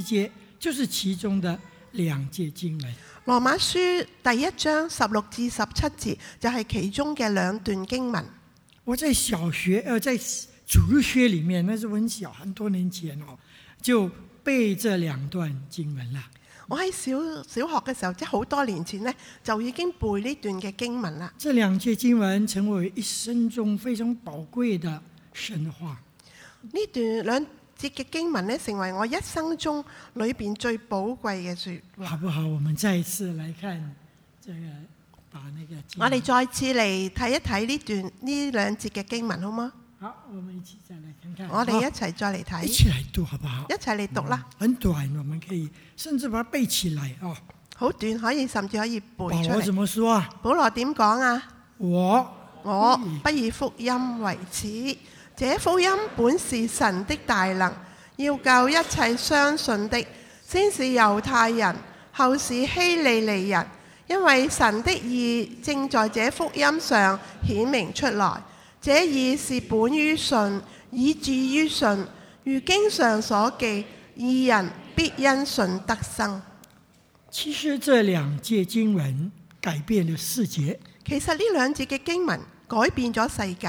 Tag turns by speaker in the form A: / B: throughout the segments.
A: 七節就是其中的兩節經文。
B: 羅馬書第一章十六至十七節就係其中嘅兩段經文。我在小學，誒、
A: 呃，在中學裏面，那時我很小，很多年前哦，就背這兩段經文啦。我喺小小學嘅時候，即係
B: 好多年前咧，就已經
A: 背呢段嘅經文啦。這兩節經文成為一生中非常寶貴的神話。
B: 節嘅經文咧，成為我一生中裏邊最寶貴嘅說
A: 話。好不好？我們再一次來看，即係把那個。我哋
B: 再次嚟睇一睇呢段呢兩節嘅經文，好嗎？
A: 好，我們一起再嚟看看。我哋一齊再嚟睇。一起
B: 嚟讀，好唔好？一齊嚟讀啦。很短，我們可以甚至把它背起來哦。好短，可以甚至可以背出嚟。保羅怎麼說啊？保羅點講啊？我我不以福音為恥。這福音本是神的大能，要救一切相信的，先是猶太人，後是希利尼人，因為神的義正在這福音上顯明出來。這義是本於信，以致於信。如經上所記：義人必因信得生。
A: 其實這兩節經文改變了世界。
B: 其實呢兩節嘅經文改變咗世,世界。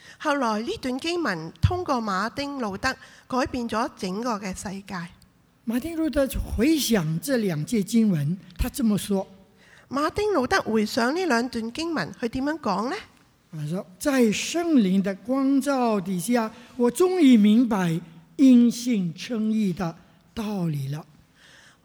B: 後來呢段經文通過馬丁路德改變咗整個嘅世界。
A: 馬丁路德回想這兩節經文，他這麼說：馬丁路
B: 德回想呢兩段經文，佢點樣講呢？我說，在聖靈的光
A: 照底下，我終於明白因信稱義的道理了。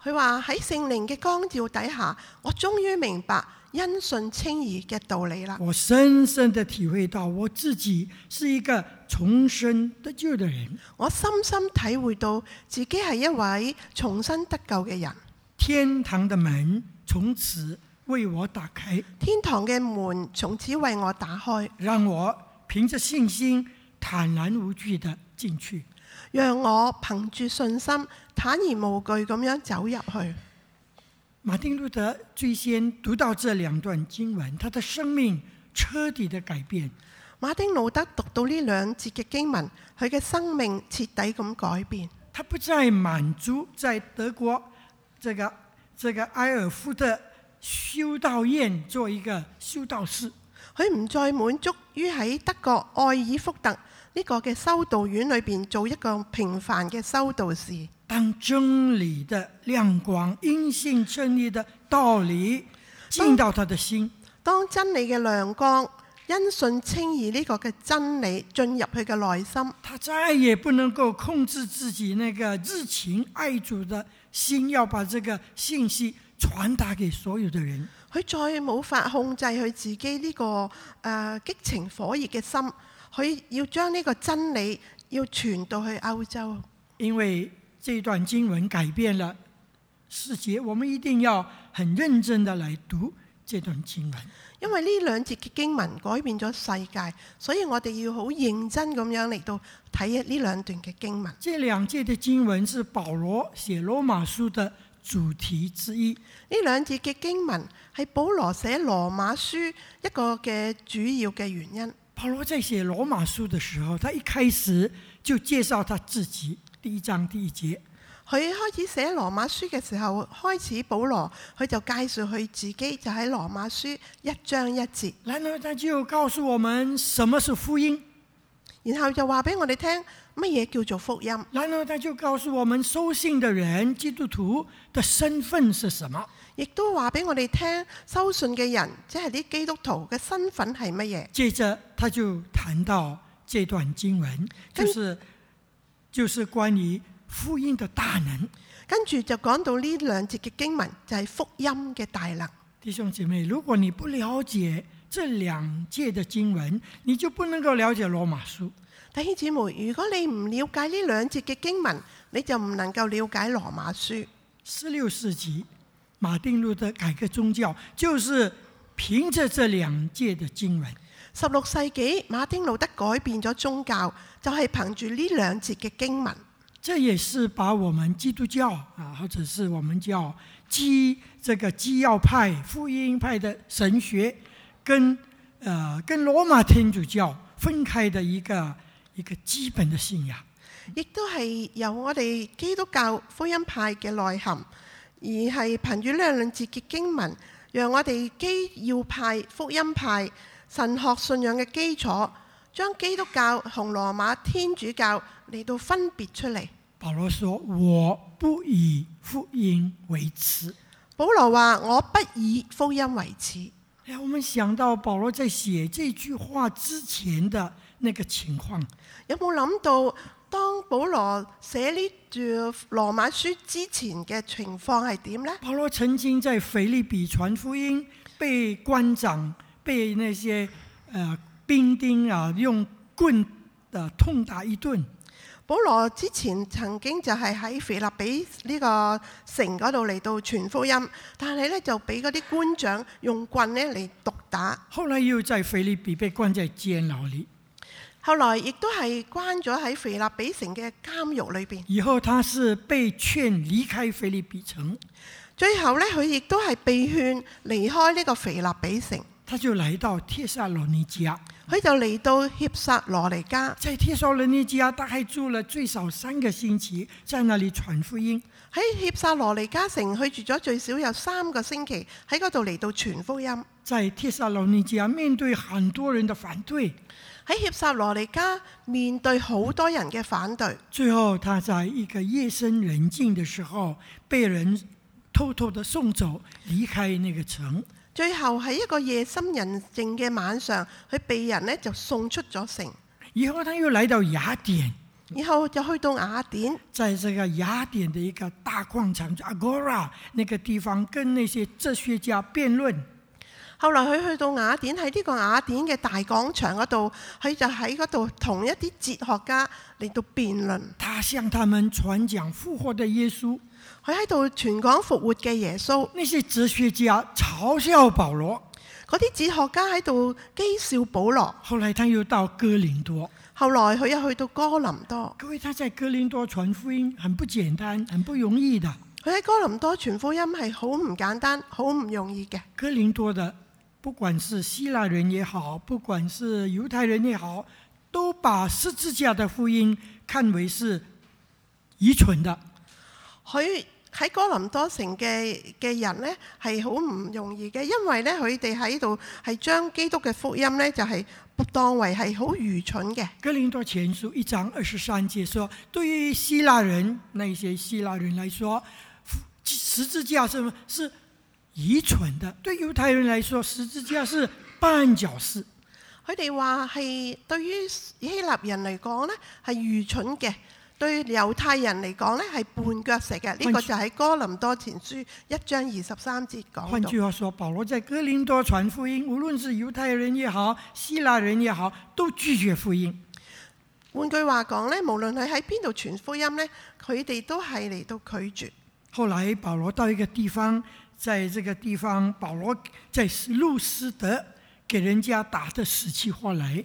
B: 佢話喺聖靈嘅光照底下，我終於明白。因信稱義嘅道理啦，
A: 我深深地體會到我自己是一個重生得救的人，我深深體會到自己係一位
B: 重生得救嘅人。天堂的門從此為我打開，天堂嘅門從此為我打開，讓我憑着信心
A: 坦然無懼地進去，
B: 讓我憑住信心坦然
A: 無懼咁樣走入去。馬丁路德最先讀到這兩段經文，他的生命徹底的改變。馬丁路德讀到呢
B: 兩節嘅經文，佢嘅生命徹底咁改變。他不再滿足
A: 在德國這個這個埃爾夫特修道院做一個修道士，佢唔再滿足於喺德國埃爾福
B: 特。呢、這個嘅修道院裏邊做一個平凡嘅修道士，
A: 當真理的亮光因信稱義的道理進到他的心，
B: 當真理嘅亮光因信稱義呢個嘅真理進
A: 入佢嘅內心，他再也不能夠控制自己那個熱情愛主的心，要把這個信息傳達給所有的人，佢再
B: 冇法控制佢自己呢、這個誒、呃、激情火熱嘅心。佢要將呢個真理要傳到去歐洲，
A: 因為這段經文改變了世界，我們一定要很認真的來讀這段經文。
B: 因為呢兩節嘅經文改變咗世界，所以我哋要好認真咁樣嚟到睇一呢兩段嘅經文。
A: 這兩節嘅經文是保羅寫羅馬書的主題之一，呢兩節嘅經文係保羅
B: 寫羅馬書一個嘅主要嘅原因。保羅在寫羅馬書的
A: 時候，他一開始就介紹他自己，第一章第一節。
B: 佢開始寫羅馬書嘅時候，開始保羅佢就介紹佢自己，就喺羅馬書一章一節。然後他就告訴我們什麼是福音，然後就話俾我哋聽乜嘢叫做福音。然後他就告訴我們收信的人，基督徒的身份是什麼。亦都話俾我哋聽，收信嘅人即係啲基督徒嘅身份係乜嘢？
A: 接着他就談到這段經文，就是就是關於福音的大能。
B: 跟住就講到呢兩節嘅經文就係福音嘅大能。弟
A: 兄姐妹，如果你不了解這兩節嘅經文，你就不能夠了解羅馬書。
B: 弟兄姐妹，如果你唔了解呢兩節嘅經文，你就唔能夠了解羅
A: 馬書。十六世紀。馬丁路德改革宗教，就是，宗教就是憑着這兩節的經文，十六世紀馬丁路德改變咗
B: 宗教，就係憑住呢兩
A: 節嘅經文。這也是把我們基督教啊，或者是我們叫基這個基要派福音派的神學，跟誒、呃、跟羅馬天主教分開的一個一個基本的信仰，
B: 亦都係由我哋基督教福音派嘅內涵。而係憑住呢兩節嘅經文，讓我哋基要派、福音派、神學信仰嘅基礎，將基督教、和羅馬、天主教嚟到分別出嚟。
A: 保羅說：我不以福音為恥。保羅話：我不以福音為恥。讓我們想到保羅在寫這句話之前的。那個情
B: 況有冇諗到？當保羅寫呢段羅馬書
A: 之前嘅情況係點呢？保羅曾經在腓立比傳福音，被官長、被那些誒兵丁啊用棍的、啊、痛打一頓。
B: 保羅之前曾經就係喺腓立比呢個城嗰度嚟到傳福音，但係咧就俾嗰啲官長用棍
A: 咧嚟毒打。後來又在腓立比被關在監牢裏。
B: 後來亦都係關咗喺腓立比城嘅監獄裏邊。
A: 以後他是被勸離開腓立比城，
B: 最後呢佢亦都係被勸離開呢個腓立
A: 比城。他就嚟到帖撒羅尼迦，佢就嚟到帖撒羅尼加。在帖撒羅尼迦，大概住了最少三個星期，在那裏傳福音。
B: 喺帖撒羅尼加城，佢住咗最少有三個星期，喺嗰度嚟到傳福音。
A: 在帖撒羅尼加，尼加面對很多人的反對。喺帖撒羅尼迦面對好多人嘅反對，最後他在一個夜深人靜的時候，被人偷偷的送走，離開那個城。最後
B: 喺一個夜深人靜嘅晚上，佢被人呢就送出咗城。
A: 然後他又來到雅典，然後就去到雅典，在這個雅典的一個大廣場阿哥拉那個地方，跟那些哲學家辯論。
B: 後來佢去到雅典，喺呢個雅典嘅大廣場嗰度，佢就喺嗰度同一啲哲學家嚟到辯論。他向他們傳講復活嘅耶穌，佢喺度傳講復活嘅耶穌。呢些哲學家嘲笑保羅，嗰啲哲學家喺度譏笑保羅。後來他又到哥林多，後
A: 來佢又去到哥林多，各位他在哥林多傳福音很不簡單，很不容易的。佢喺哥林多傳福音係好唔簡單，好唔容易嘅。哥林多的。不管是希臘人也好，不管是猶太人也好，都把十字架的福音看為是愚蠢的。佢
B: 喺哥林多城嘅嘅人呢，係好唔容易嘅，因為呢，佢哋喺度係將基督嘅福音呢，就係、是、不當為係好愚蠢嘅。哥林
A: 多前書一章二十三節說：對於希臘人，那些希臘人來說，十字架是、是愚蠢的，對猶太人來說，十字架是絆腳石；
B: 佢哋話係對於希臘人嚟講呢係愚蠢嘅，對於猶太人嚟講呢係絆腳石嘅。呢、這個就喺哥林多前書一章二十三節講。換句
A: 話說，保羅在哥林多傳福音，無論是猶太人也好，希臘人也好，都拒絕福音。
B: 換句話講呢，無論佢喺邊度傳福音呢，佢哋都係嚟到拒絕。
A: 後來保羅到一個地方。在這個地方，保羅在路斯德給人家打得死去活來。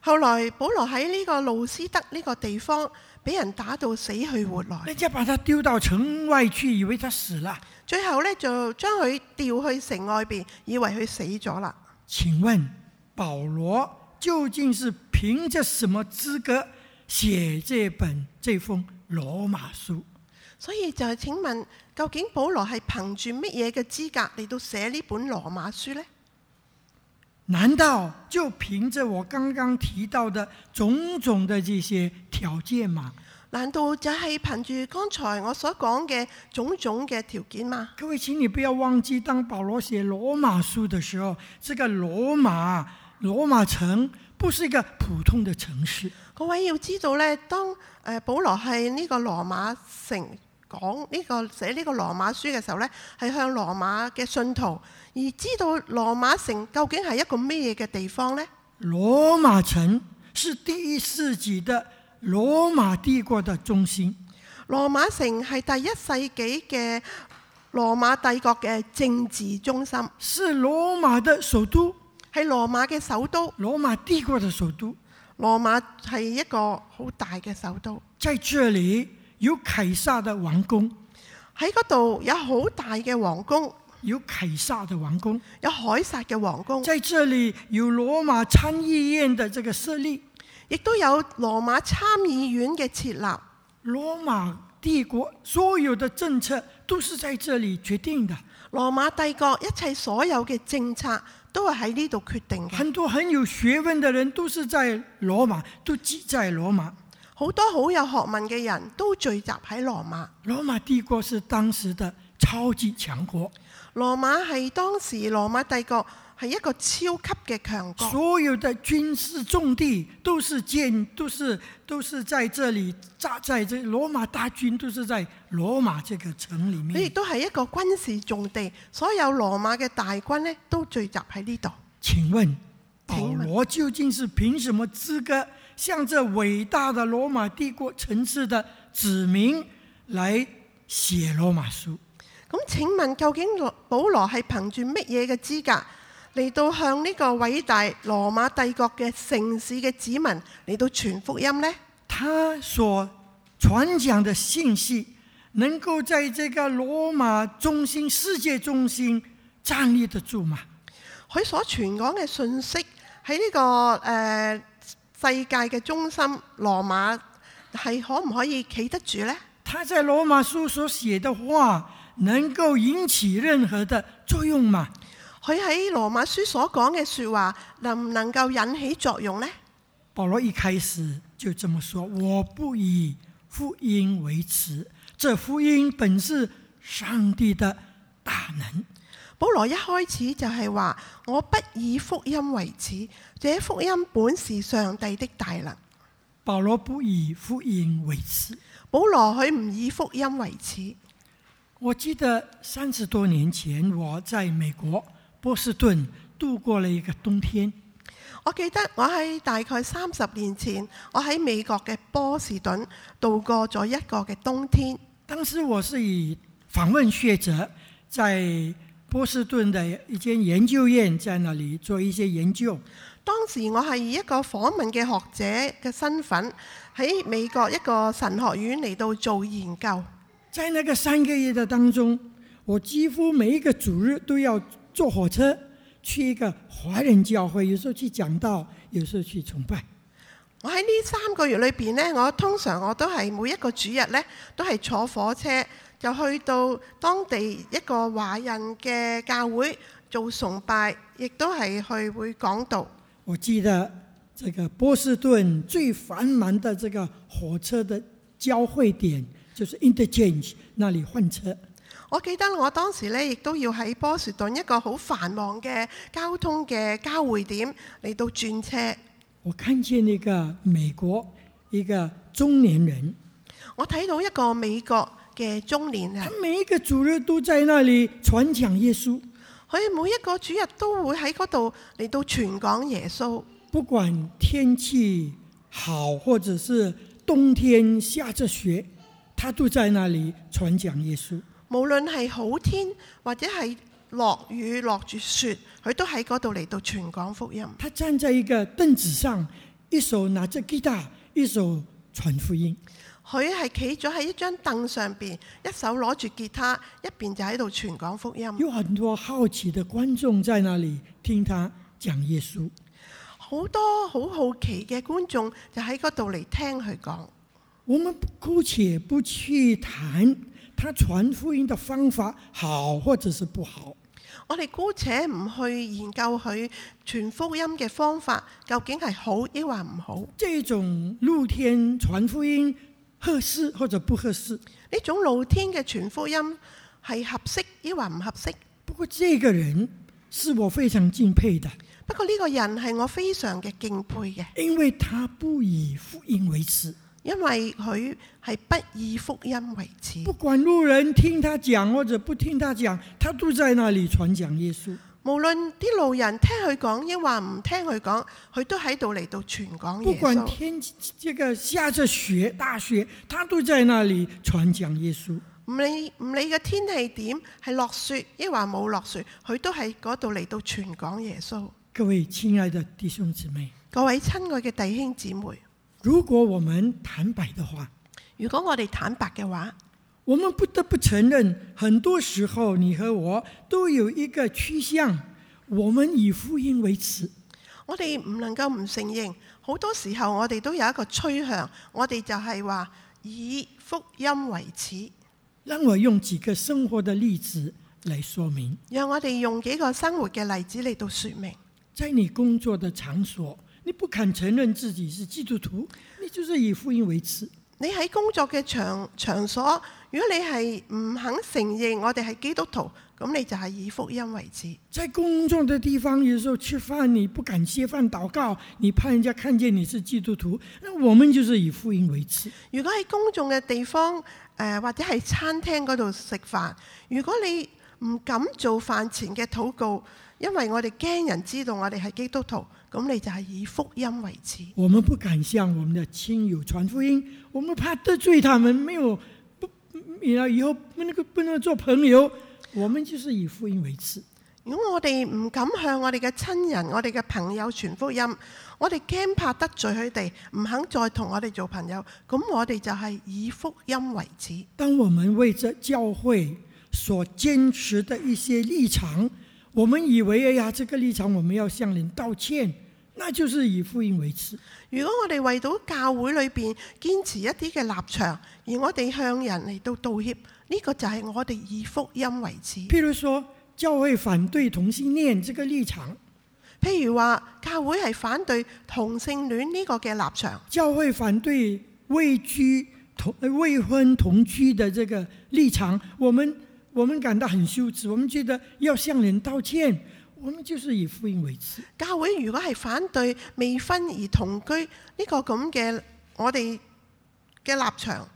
A: 後來保羅喺呢
B: 個路斯德呢個地方，俾人打到死去活來。人
A: 家把他丟到城外去，以為他死了。
B: 最後呢，就將佢調去城外邊，以為佢死
A: 咗啦。請問保羅究竟是憑着什麼資格寫這本這封羅馬書？所以就係
B: 請問。究竟保羅係憑住乜嘢嘅資格嚟到寫呢本羅馬書呢？
A: 難道就憑着我剛剛提到的種種的這些條件嗎？難道就係憑住剛才我所講嘅種種嘅條件嗎？各位，請你不要忘記，當保羅寫羅馬書的時候，這個羅馬羅馬城不是一個普通的城市。
B: 各位要知道呢，當誒、呃、保羅喺呢個羅馬城。講、這、呢個寫呢個羅馬書嘅時候呢，係向羅馬嘅信徒，而知道羅馬城究竟係一個咩嘅地方呢？
A: 羅馬城
B: 是第一世
A: 紀的羅馬帝國的中心。
B: 羅馬城係第一世紀嘅羅馬帝國嘅政治中心，是羅馬的首都，係羅馬嘅首都，羅馬帝國嘅首都。羅馬係一個好大嘅首都，
A: 在這裏。有凱撒的王宮
B: 喺嗰度，有好大嘅王宮。有凱撒的王宮，有海撒嘅王宮。在這裏有羅馬參議院的這個設立，亦都有羅馬參議院嘅設立。羅馬帝國所有的政策都是在這裏決定的。羅馬帝國一切所有嘅政策都係喺呢度決定嘅。很多很有學問的人都是在羅馬，都聚在羅馬。好多好有學問嘅人都聚集喺羅馬。羅馬帝國是當時的超級強國。羅馬係當時羅馬帝國
A: 係一個超級嘅強國。所有的軍事重地都是建，都是都是在這裏紮，在這羅馬大軍都是在羅馬這個城裏面。佢
B: 亦都係一個軍事重地，所有羅馬嘅大軍咧都聚集
A: 喺呢度。請問保羅究竟是憑什麼資格？向這偉大的羅馬帝國城市的子民來寫羅馬書。
B: 咁請問究竟保羅係憑住乜嘢嘅資格嚟到向呢個偉大羅馬帝國嘅城市嘅子民嚟到傳
A: 福音呢？他所傳講的信息能夠在這個羅馬中心、世界中心站立得住嗎？
B: 佢所傳講嘅信息喺呢、這個誒？呃世界嘅中心
A: 羅馬係可唔可以企得住呢？他在羅馬書所寫嘅話能夠引起任何的作用嘛？佢喺羅馬
B: 書所講嘅說話能唔能夠引起作用呢？
A: 保羅一開始就這麼說：我不以福音為恥，這福音本是上帝的大能。保羅一開始就係話：
B: 我不以福音為恥，這福音本是上帝的大能。
A: 保羅不以福音為恥。保羅佢唔以福音為恥。我記得三十多年前我在美國波士頓度過了一個冬天。我記得我喺大概三十年前，我
B: 喺美國嘅波士頓度過咗一個嘅冬天。
A: 當時我是以訪問學者在波士頓的一間研究院在那裏做一些研究。
B: 當時我
A: 係以一個訪問嘅學者嘅身
B: 份喺美國一個神學院嚟到做研究。
A: 在那個三個月嘅當中，我幾乎每一個主日都要坐火車去一個華人教會，有時候去講道，有時候去崇拜。
B: 我喺呢三個月裏邊呢，我通常我都係每一個主日呢，都係坐火車。就去到當地一個華人嘅教會做崇拜，亦
A: 都係去會講道。我記得這個波士頓最繁忙的這個火車的交匯點就是 interchange，那裡換
B: 車。我記得我當時咧，亦都要喺波士頓一個好繁忙嘅交通嘅交匯點嚟到轉車。我看見一個美國
A: 一個中年人，
B: 我睇到一個美國。嘅中年啊！他每一個主日都在那裏傳講耶穌，佢每一個主日都會喺
A: 嗰度嚟到傳講耶穌。不管天氣好，或者是冬天下着雪，他都在那裏傳講耶穌。
B: 無論係好天，或者係落雨落住雪，佢都喺嗰度嚟到傳講福音。他站在一個凳子上，一手拿着吉他，一手傳福音。佢係企咗喺一張凳上邊，一手攞住吉他，一邊就喺度傳講福音。有很多好奇嘅觀眾在那裏
A: 聽他講
B: 耶穌，好多好好奇嘅觀眾就喺嗰度
A: 嚟聽佢講。我們姑且不去談他傳福音的方法好或者是不好，
B: 我哋姑且
A: 唔去研
B: 究佢傳福音嘅方法究竟係好抑或唔好。這種露天傳福音。合適或者不合適。呢種露天嘅傳福音係合適抑或唔合適？不過這個人是我非常敬佩的。不過呢個人係我非常嘅敬佩嘅，因為他不以福
A: 音為恥。因為佢係不以福音為恥。不管路人聽他講或者不聽他講，他都在那裏傳講耶穌。無論啲路
B: 人聽佢講，抑或唔聽佢講，佢都喺度嚟到傳講耶穌。不管天，
A: 即、這個下着雪，大雪，他都在那裏傳講耶穌。
B: 唔理唔理個天氣點，係落雪抑或冇落雪，佢都喺嗰度嚟到傳講
A: 耶穌。各位親愛的弟兄姊妹，
B: 各位親愛嘅弟兄姊妹，如果我們坦白的話，如果我哋坦白嘅話。
A: 我們不得不承認，很多時候你和我都有一個趨向，我們以福音為恥。
B: 我哋唔能夠唔承認，好多時候我哋都有一個趨向，我哋就係話以福音為恥。
A: 讓我用幾個生活的例子來說明。
B: 讓我哋用幾個生活嘅例子嚟到說明。在你工作的場所，你不肯承認自己是基督徒，你就是以福音為恥。你喺工作嘅場場所，如果你係唔肯承認我哋係基督徒，那你就係以福音為恥。
A: 在工作的地方，有時候吃飯你不敢吃飯，禱告，你怕人家看見你是基督徒，那我們就是以福音為恥。如果喺公眾嘅地方，呃、或者是餐廳嗰度
B: 食飯，如果你唔敢做飯前嘅禱告，因為我哋驚人知道我哋係基督徒，咁你就係以福音為恥。
A: 我們不敢向我們的親友傳福音，我們怕得罪他們，沒有不，後以後不能夠不能做朋友。我們就是以福音為恥。
B: 如果我哋唔敢向我哋嘅親人、我哋嘅朋友傳福音，我哋驚怕，怕得罪佢哋，唔肯再同我哋做朋友，咁我哋就係以福音為恥。
A: 當我們為着教會。所堅持的一些立場，我們以為哎呀、啊，這個立場我們要向您道歉，那就是以福音為恥。如果我哋為到教
B: 會裏邊堅持一啲嘅立場，而我哋向人嚟到道歉，呢、這個就係我哋以福音為恥。譬如說，教會反對同性戀這個立場；譬如話，教會係反對同性戀呢個嘅立場；教會反
A: 對未居同未婚同居的這個立場，我們。我們感到很羞恥，我們覺得要向人道歉，我們就是以福音為恥。
B: 教會如果係反對未婚而同居呢、這個咁嘅我哋嘅立場，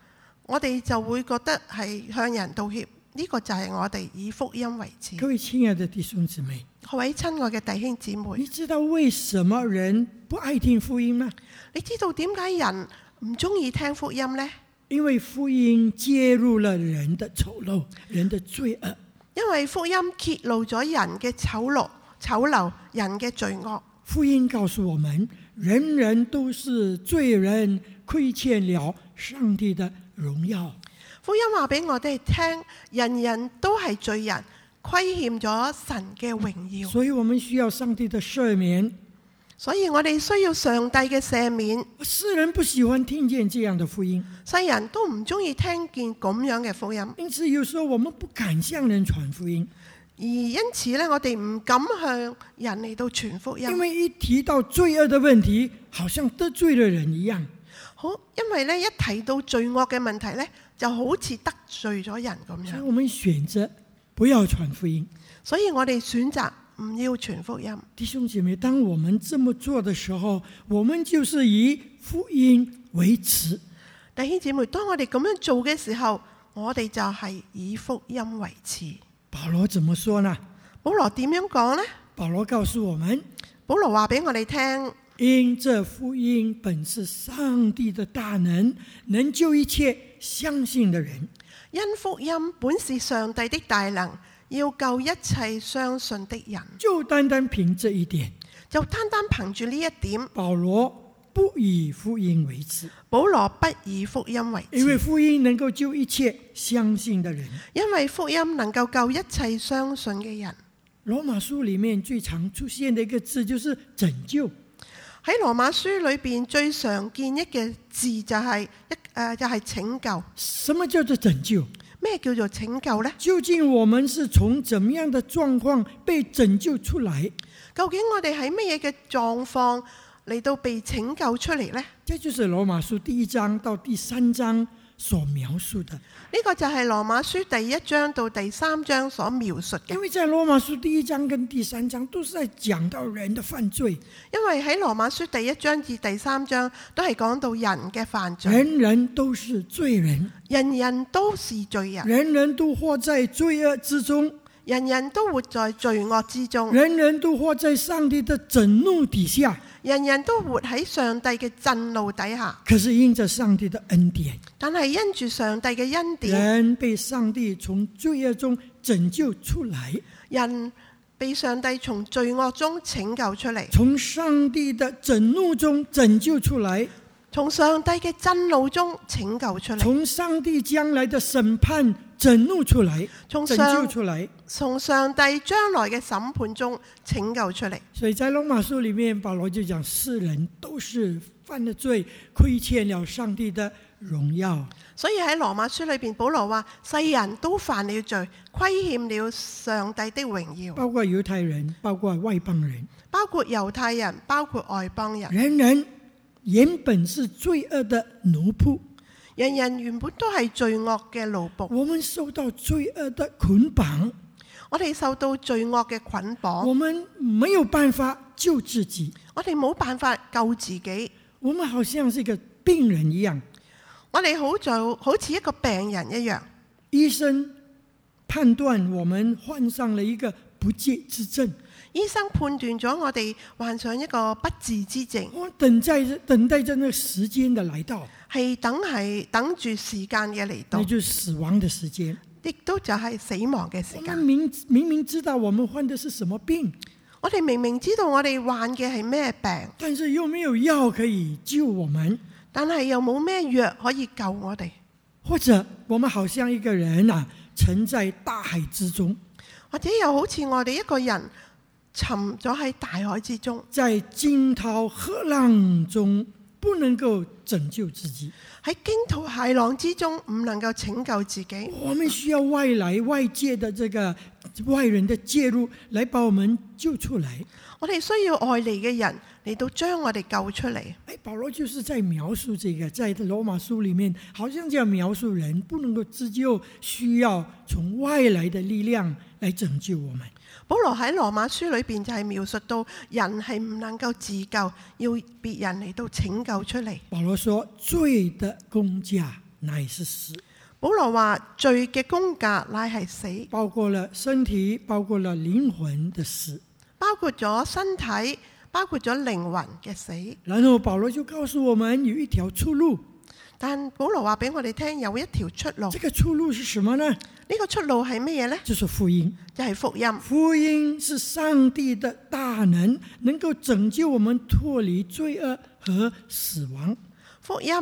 B: 我哋就會覺得係向人道歉，呢、這個就係我哋以福音為恥。各位親愛的弟兄姊妹，各位親愛嘅弟兄姊妹，你知道為什麼人不愛聽福音嗎？你知道點解人唔中意聽福音呢？因為福音揭露了人的醜陋、人的罪惡。因為福音揭露咗人嘅醜陋、醜陋、
A: 人嘅罪惡福人人罪。福音告訴我們，人人都是罪人，虧欠了上帝的榮耀。福音話俾我哋聽，
B: 人人都係罪人，虧欠咗神嘅榮耀。所以我們需要上帝的赦免。所以我哋需要上帝嘅赦免。世人不喜歡聽見這樣的福音，世人都唔中意聽見咁樣嘅福音。因此，有時候我們不敢向人傳福音，而因此咧，我哋唔敢向人嚟
A: 到傳福音。因為一提到罪惡的問題，好像得罪了人一樣。
B: 好，因為咧一提到罪惡嘅問題咧，就好似得罪咗人咁樣。所以我
A: 們選擇不要傳福音。所以我哋選擇。唔要全福音，弟兄姐妹，當我們這麼做的時候，我們就是以福音
B: 為恥。弟兄姐妹，當我哋咁樣做嘅時候，我哋就係以福音為恥。保羅怎麼說呢？保羅點樣講呢？保羅告訴我
A: 們，保羅話俾我哋聽：因這福音本是上帝的大能，能救一切相信的人。因福音本
B: 是上帝的大能。要救一切相信的人，
A: 就單單憑這一點，就單單憑住呢一點，保羅不以福音為恥，
B: 保羅不以福音為恥，因為福音能夠救一切相信的人，因為福音能夠救一切相信嘅人。羅馬書裏面最常出現的一個字就是拯救。喺羅馬書裏邊最常見一個字就係一誒就係、是、拯救。什麼叫做拯救？咩叫做拯救呢？究竟我們是從怎麼樣的狀況被拯救出來？究竟我哋喺咩嘢嘅狀況嚟到被拯救出嚟呢？這就是羅馬書第一章到第三章。所描述的呢、這個就係羅馬書第一章到第三章所描述嘅。因為在羅馬書第一章跟第三章都是在講到人的犯罪，因為喺羅馬書第一章至第三章都係講到人嘅犯罪。人
A: 人都是罪人，
B: 人人都是罪人，人人都活在罪惡之中。人人都活在罪惡之中，人人都活在上帝的震怒底下，人人都活喺上帝嘅震怒底下。可是因着上帝的恩典，但係因住上帝嘅恩典，人被上帝從罪惡中拯救出來，人被上帝從罪惡中拯救出嚟，從上帝的震怒中拯救出來，從上帝嘅震怒中拯救出嚟，從上帝將來的審判。震怒出
A: 來，拯救出來，從
B: 上，從上帝將來嘅審判中拯救出嚟。
A: 所以在羅馬書裏面，保羅就講世人都是犯了罪，虧欠了上帝的榮耀。
B: 所以喺羅馬書裏邊，保羅話世人都犯了罪，虧欠了上帝的榮耀。包括猶太人，包括外邦人，包括猶太人，包括外邦人，人人原本是罪惡的奴僕。人人原本都係罪惡嘅奴僕，我們受到罪惡的捆綁，我哋受到罪惡嘅捆綁，我們沒有辦法救自己，我哋冇辦法救自己，我們好似一個病人一樣，我哋好就好似一個病人一樣，醫生判斷我們患上了一個不治之症，醫生判斷咗我哋患上一個不治之症，我等待等待着那個時間的來到，係等係等住時間嘅嚟到，那就
A: 是死亡嘅時間，
B: 亦都就係死亡嘅時間。明明明知道我們患的是什麼病，我哋明明知道我哋患嘅係咩病，
A: 但是又沒有藥可以救我們，但係又冇咩藥可以救我哋。或者我們好像一個人啊沉在大海之中，
B: 或者又好似我哋一個人沉咗喺大海之中，在驚濤駭浪中。不能夠拯救
A: 自己，喺驚濤駭浪之中唔能夠拯救自己，我們需要外來外界的這個外人的介入，嚟把我們救出來。我
B: 哋需要外來嘅人。你都將我哋救出嚟。誒，
A: 保羅就是在描述這個，在羅馬書裏面，好像就描述人不能夠自救，需要從外來的力量嚟拯救我們。保羅喺羅馬書裏邊就係描述到
B: 人係唔能夠自救，要別人嚟到拯救出嚟。
A: 保羅說：罪的工價乃是死。
B: 保羅話：罪嘅工價乃
A: 係死，包括了身體，包括了靈魂的死，
B: 包括咗身體。包括咗靈魂嘅死，
A: 然後保羅就告訴我們有一條出路。
B: 但保羅話俾我哋聽有一條出路。這個出路是什麼呢？呢、這個出
A: 路係咩嘢呢？就是福音，就係、是、福音。福音是上帝的大能，能夠拯救我們脱離罪惡和死亡。福音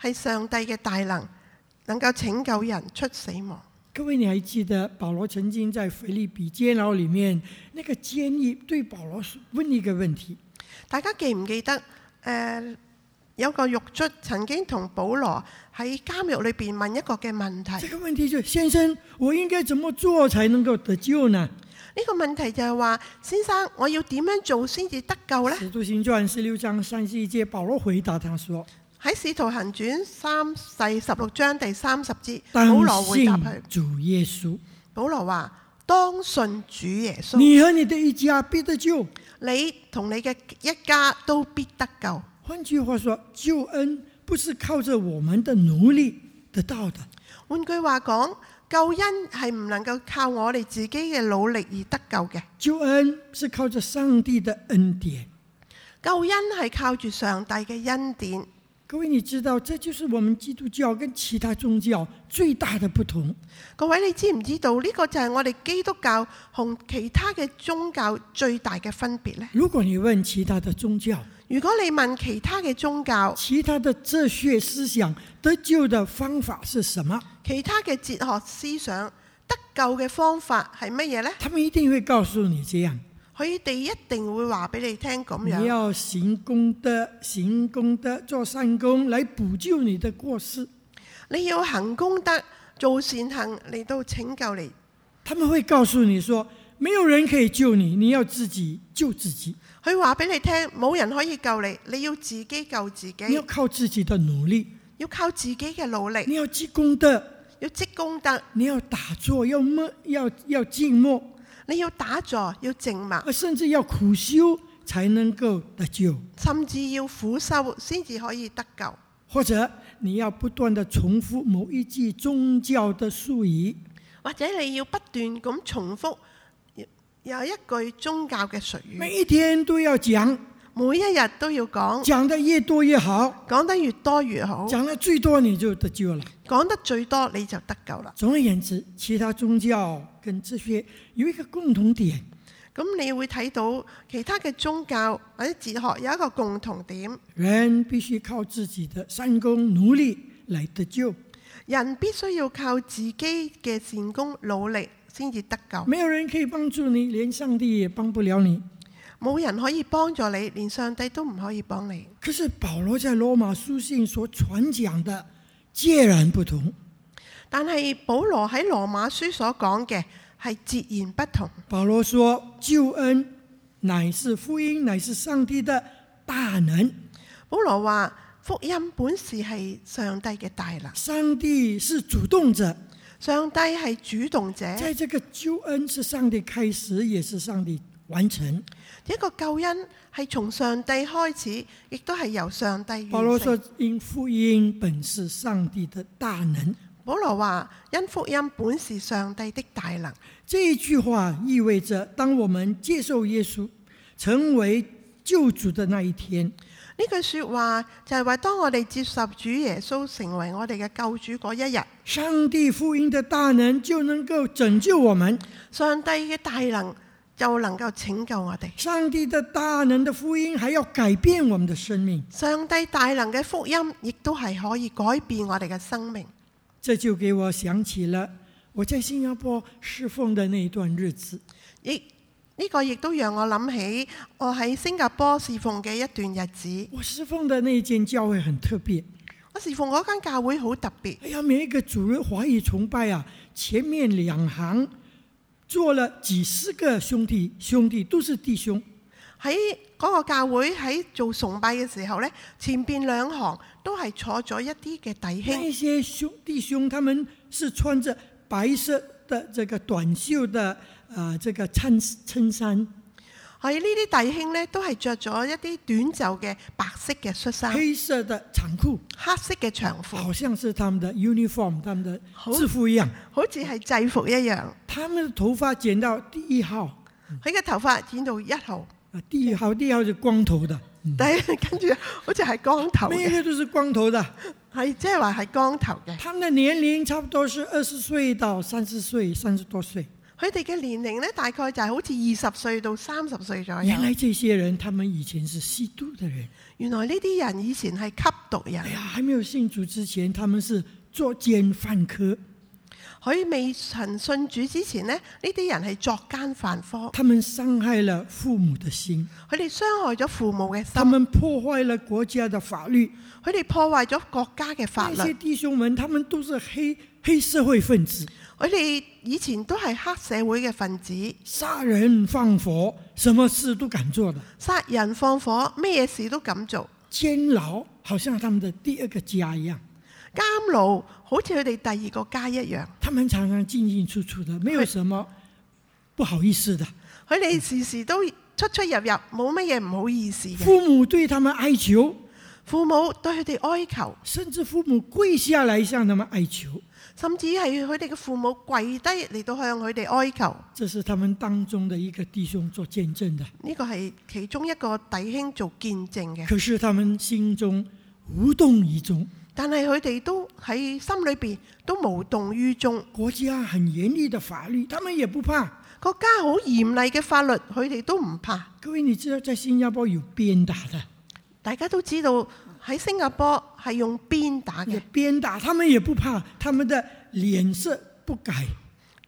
B: 係上帝嘅大能，能夠拯救人出死亡。
A: 各位，你還記得保羅曾經在腓利比監牢裡面，那個監獄對保羅問一個問題？大家記唔記得？誒、呃，有個獄卒曾
B: 經同保羅喺監獄裡邊問一個嘅問題。這個問題就是：先生，我應該怎麼做才能夠得救呢？呢、這個問題就係話，先生，我要點樣
A: 做先至得救呢？」《使徒行傳》十六章三十一節，保羅回答他說。
B: 喺《使徒行傳》三世十六章第三十節，保羅回答佢。
A: 主耶穌
B: 保羅話：當信主耶穌。你和
A: 你的一家必得救。
B: 你同你嘅一家都必得救。換句話說，救恩不是靠着我們的努力得到的。換句話講，救恩係唔能夠靠我哋自己嘅努力而得救嘅。救恩是靠着上帝的恩典，救恩係靠住上帝嘅恩典。各位你知道，這就是我們基督教跟其他宗教最大的不同。各位你知唔知道呢個就係我哋基督教同其他嘅宗教最大嘅分別呢？如果你問其他的宗教，如果你問其他嘅宗教，其他的哲學思想得救的方法是什麼？其他嘅哲學思想得救嘅方法係乜嘢呢？他們一定會告訴你這樣。佢哋一定會話俾你聽咁樣。你要行功德，行功德，做善功嚟補救你的過失。你要行功德，做善行嚟到拯救你。他們會告訴你說，沒有人可以救你，你要自己救自己。佢話俾你聽，冇人可以救你，你要自己救自己。你要靠自己的努力，要靠自己嘅努力。你要積功德，要積功德。你要打坐，要默，要要靜默。你要打坐，要靜默，甚至要苦修
A: 才能夠得救。甚至要苦修先至可以得救。或者你要不斷地重複某一句宗教的術語，或者
B: 你要不斷咁重複有一句宗教嘅術語。每一天都要講，每一日都要講，講得越多越好，講得越多越
A: 好，講得最多你就得救了，講得最多你就得救啦。總而言之，其他宗教，跟哲學有一個共同點，咁你會睇到其他
B: 嘅宗教或者哲學有一個共同點。
A: 人必須靠自己的善
B: 功努力來得救，人必須要靠自己嘅善功努力先至得救。沒有人可以幫助你，連上帝也幫不了你。冇人可以幫助你，連上帝都唔可以幫你。可是保羅在羅馬書信所傳講的
A: 截然不同。
B: 但係保羅喺羅馬書所講嘅係截然不
A: 同。保羅說救恩乃是福音，乃是上帝的大能。保羅話福音本是
B: 係上帝嘅大能。
A: 上帝是主動者，上帝係主動者。即係這個救恩是上帝開始，也是上帝完成。一個
B: 救恩係從上帝開始，亦都係由上帝。保羅說：
A: 因福音本是上帝的大能。保羅話：因福音本是上帝的大能。這句話意味着，當我們接受耶穌成為救主的那一天，呢句說話就係話，當我哋接受主
B: 耶穌成為我哋嘅救主嗰一日，上帝福音的大能就能夠拯救我們，上帝嘅大能就能夠拯救我哋。上帝的大能的福音，還要改變我們的生命。上帝大能嘅福音，亦都係可以改變我哋嘅生命。
A: 這就給我想起了我在新加坡侍奉的那一段日子。咦，呢個亦都讓我諗起我
B: 喺新加坡侍奉嘅一段日子。我侍奉嘅那一間教會很特別，
A: 我侍奉嗰間教會好特別，哎呀，每一個主日華語崇拜啊，前面兩行做了幾十個兄弟，兄弟都是弟兄。喺
B: 嗰個教會喺做崇拜嘅時候咧，前邊兩行都係坐咗
A: 一啲嘅弟兄。呢些兄弟兄他們是穿着白色的這個短袖的啊、呃，這個襯襯衫。係呢啲弟兄
B: 咧，都係着咗一啲短袖嘅白色嘅恤衫。黑色嘅長褲。黑色嘅長褲。好像是他們的 uniform，他們的制服一樣。好似係制服一
A: 樣。他們嘅頭髮剪到第一號，佢、嗯、嘅頭髮剪到一號。第一號，第一號就是光頭的，但係、嗯、跟住好似係光頭的，每一個都是光頭的，係即係話係光頭嘅。他們的年齡差不多是二十歲到三十歲，三十多歲。
B: 佢哋嘅年齡咧，大概就係好似二十歲到三十歲左右。原來
A: 這些人，他們以前是吸毒的人。
B: 原來呢啲人以前係吸毒人。哎呀，還沒有信主之前，他們是作奸犯科。佢未曾信主之前呢，呢啲人係作奸犯科。他們傷害了父母的心。佢哋傷害咗父母嘅心。他們破壞了國家嘅法律。佢哋破壞咗國家嘅法律。呢啲弟兄們，他們都是黑黑社會分子。佢哋以前都係黑社會嘅分子，殺人放火，什麼事都敢做。的殺人放火，咩事都敢做。監牢，好像他們的第二個家一樣。監牢好似佢哋第二個家一樣。他們常常進進出出的，沒有什麼不好意思的。佢哋時時都出出入入，冇乜嘢唔好意思。
A: 父母對他們哀求，父母對佢哋哀求，甚至父母跪下來向他們哀求，甚至係佢哋嘅父母跪低嚟到向佢哋哀求。這是他們當中的一個弟兄做見證的，呢、這個係其
B: 中一個弟兄做見證嘅。
A: 可是他們心中無動於衷。
B: 但係佢哋都喺心裏邊都無動於衷。國家很嚴厲的法律，他們也不怕。國家好嚴厲嘅法律，佢哋都唔怕。各位，你知道在新加坡有鞭打嘅，大家都知道喺新加坡係用鞭打嘅。鞭打他們也不怕，他們的臉色不改。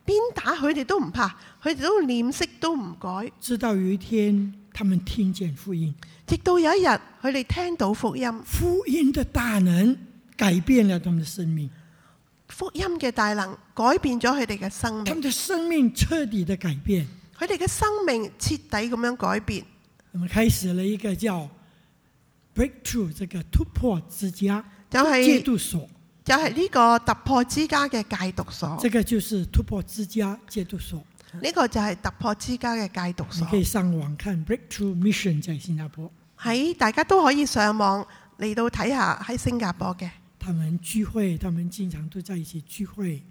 B: 鞭打佢哋都唔怕，佢哋都臉色都唔改。直到有一天，他們聽見福音，直到有一日，佢哋聽到福音，福音的大能。
A: 改變了他們的生命，
B: 福音嘅大能改變咗佢哋嘅生命。佢哋的生命徹底的改變，佢哋嘅生命徹底咁樣改變。我們
A: 開始了一個叫 Breakthrough，這個突破之家戒毒，就是，所，
B: 就係，是，呢個突破之家嘅戒毒所。這個就是突破之家
A: 戒毒所，呢、這
B: 個就係突破之家嘅戒毒所。你可以
A: 上網看 Breakthrough Mission 在新加坡，
B: 喺大家都可以上網嚟到睇下喺新加坡嘅。
A: 他們聚會，他們經常都在一起聚會。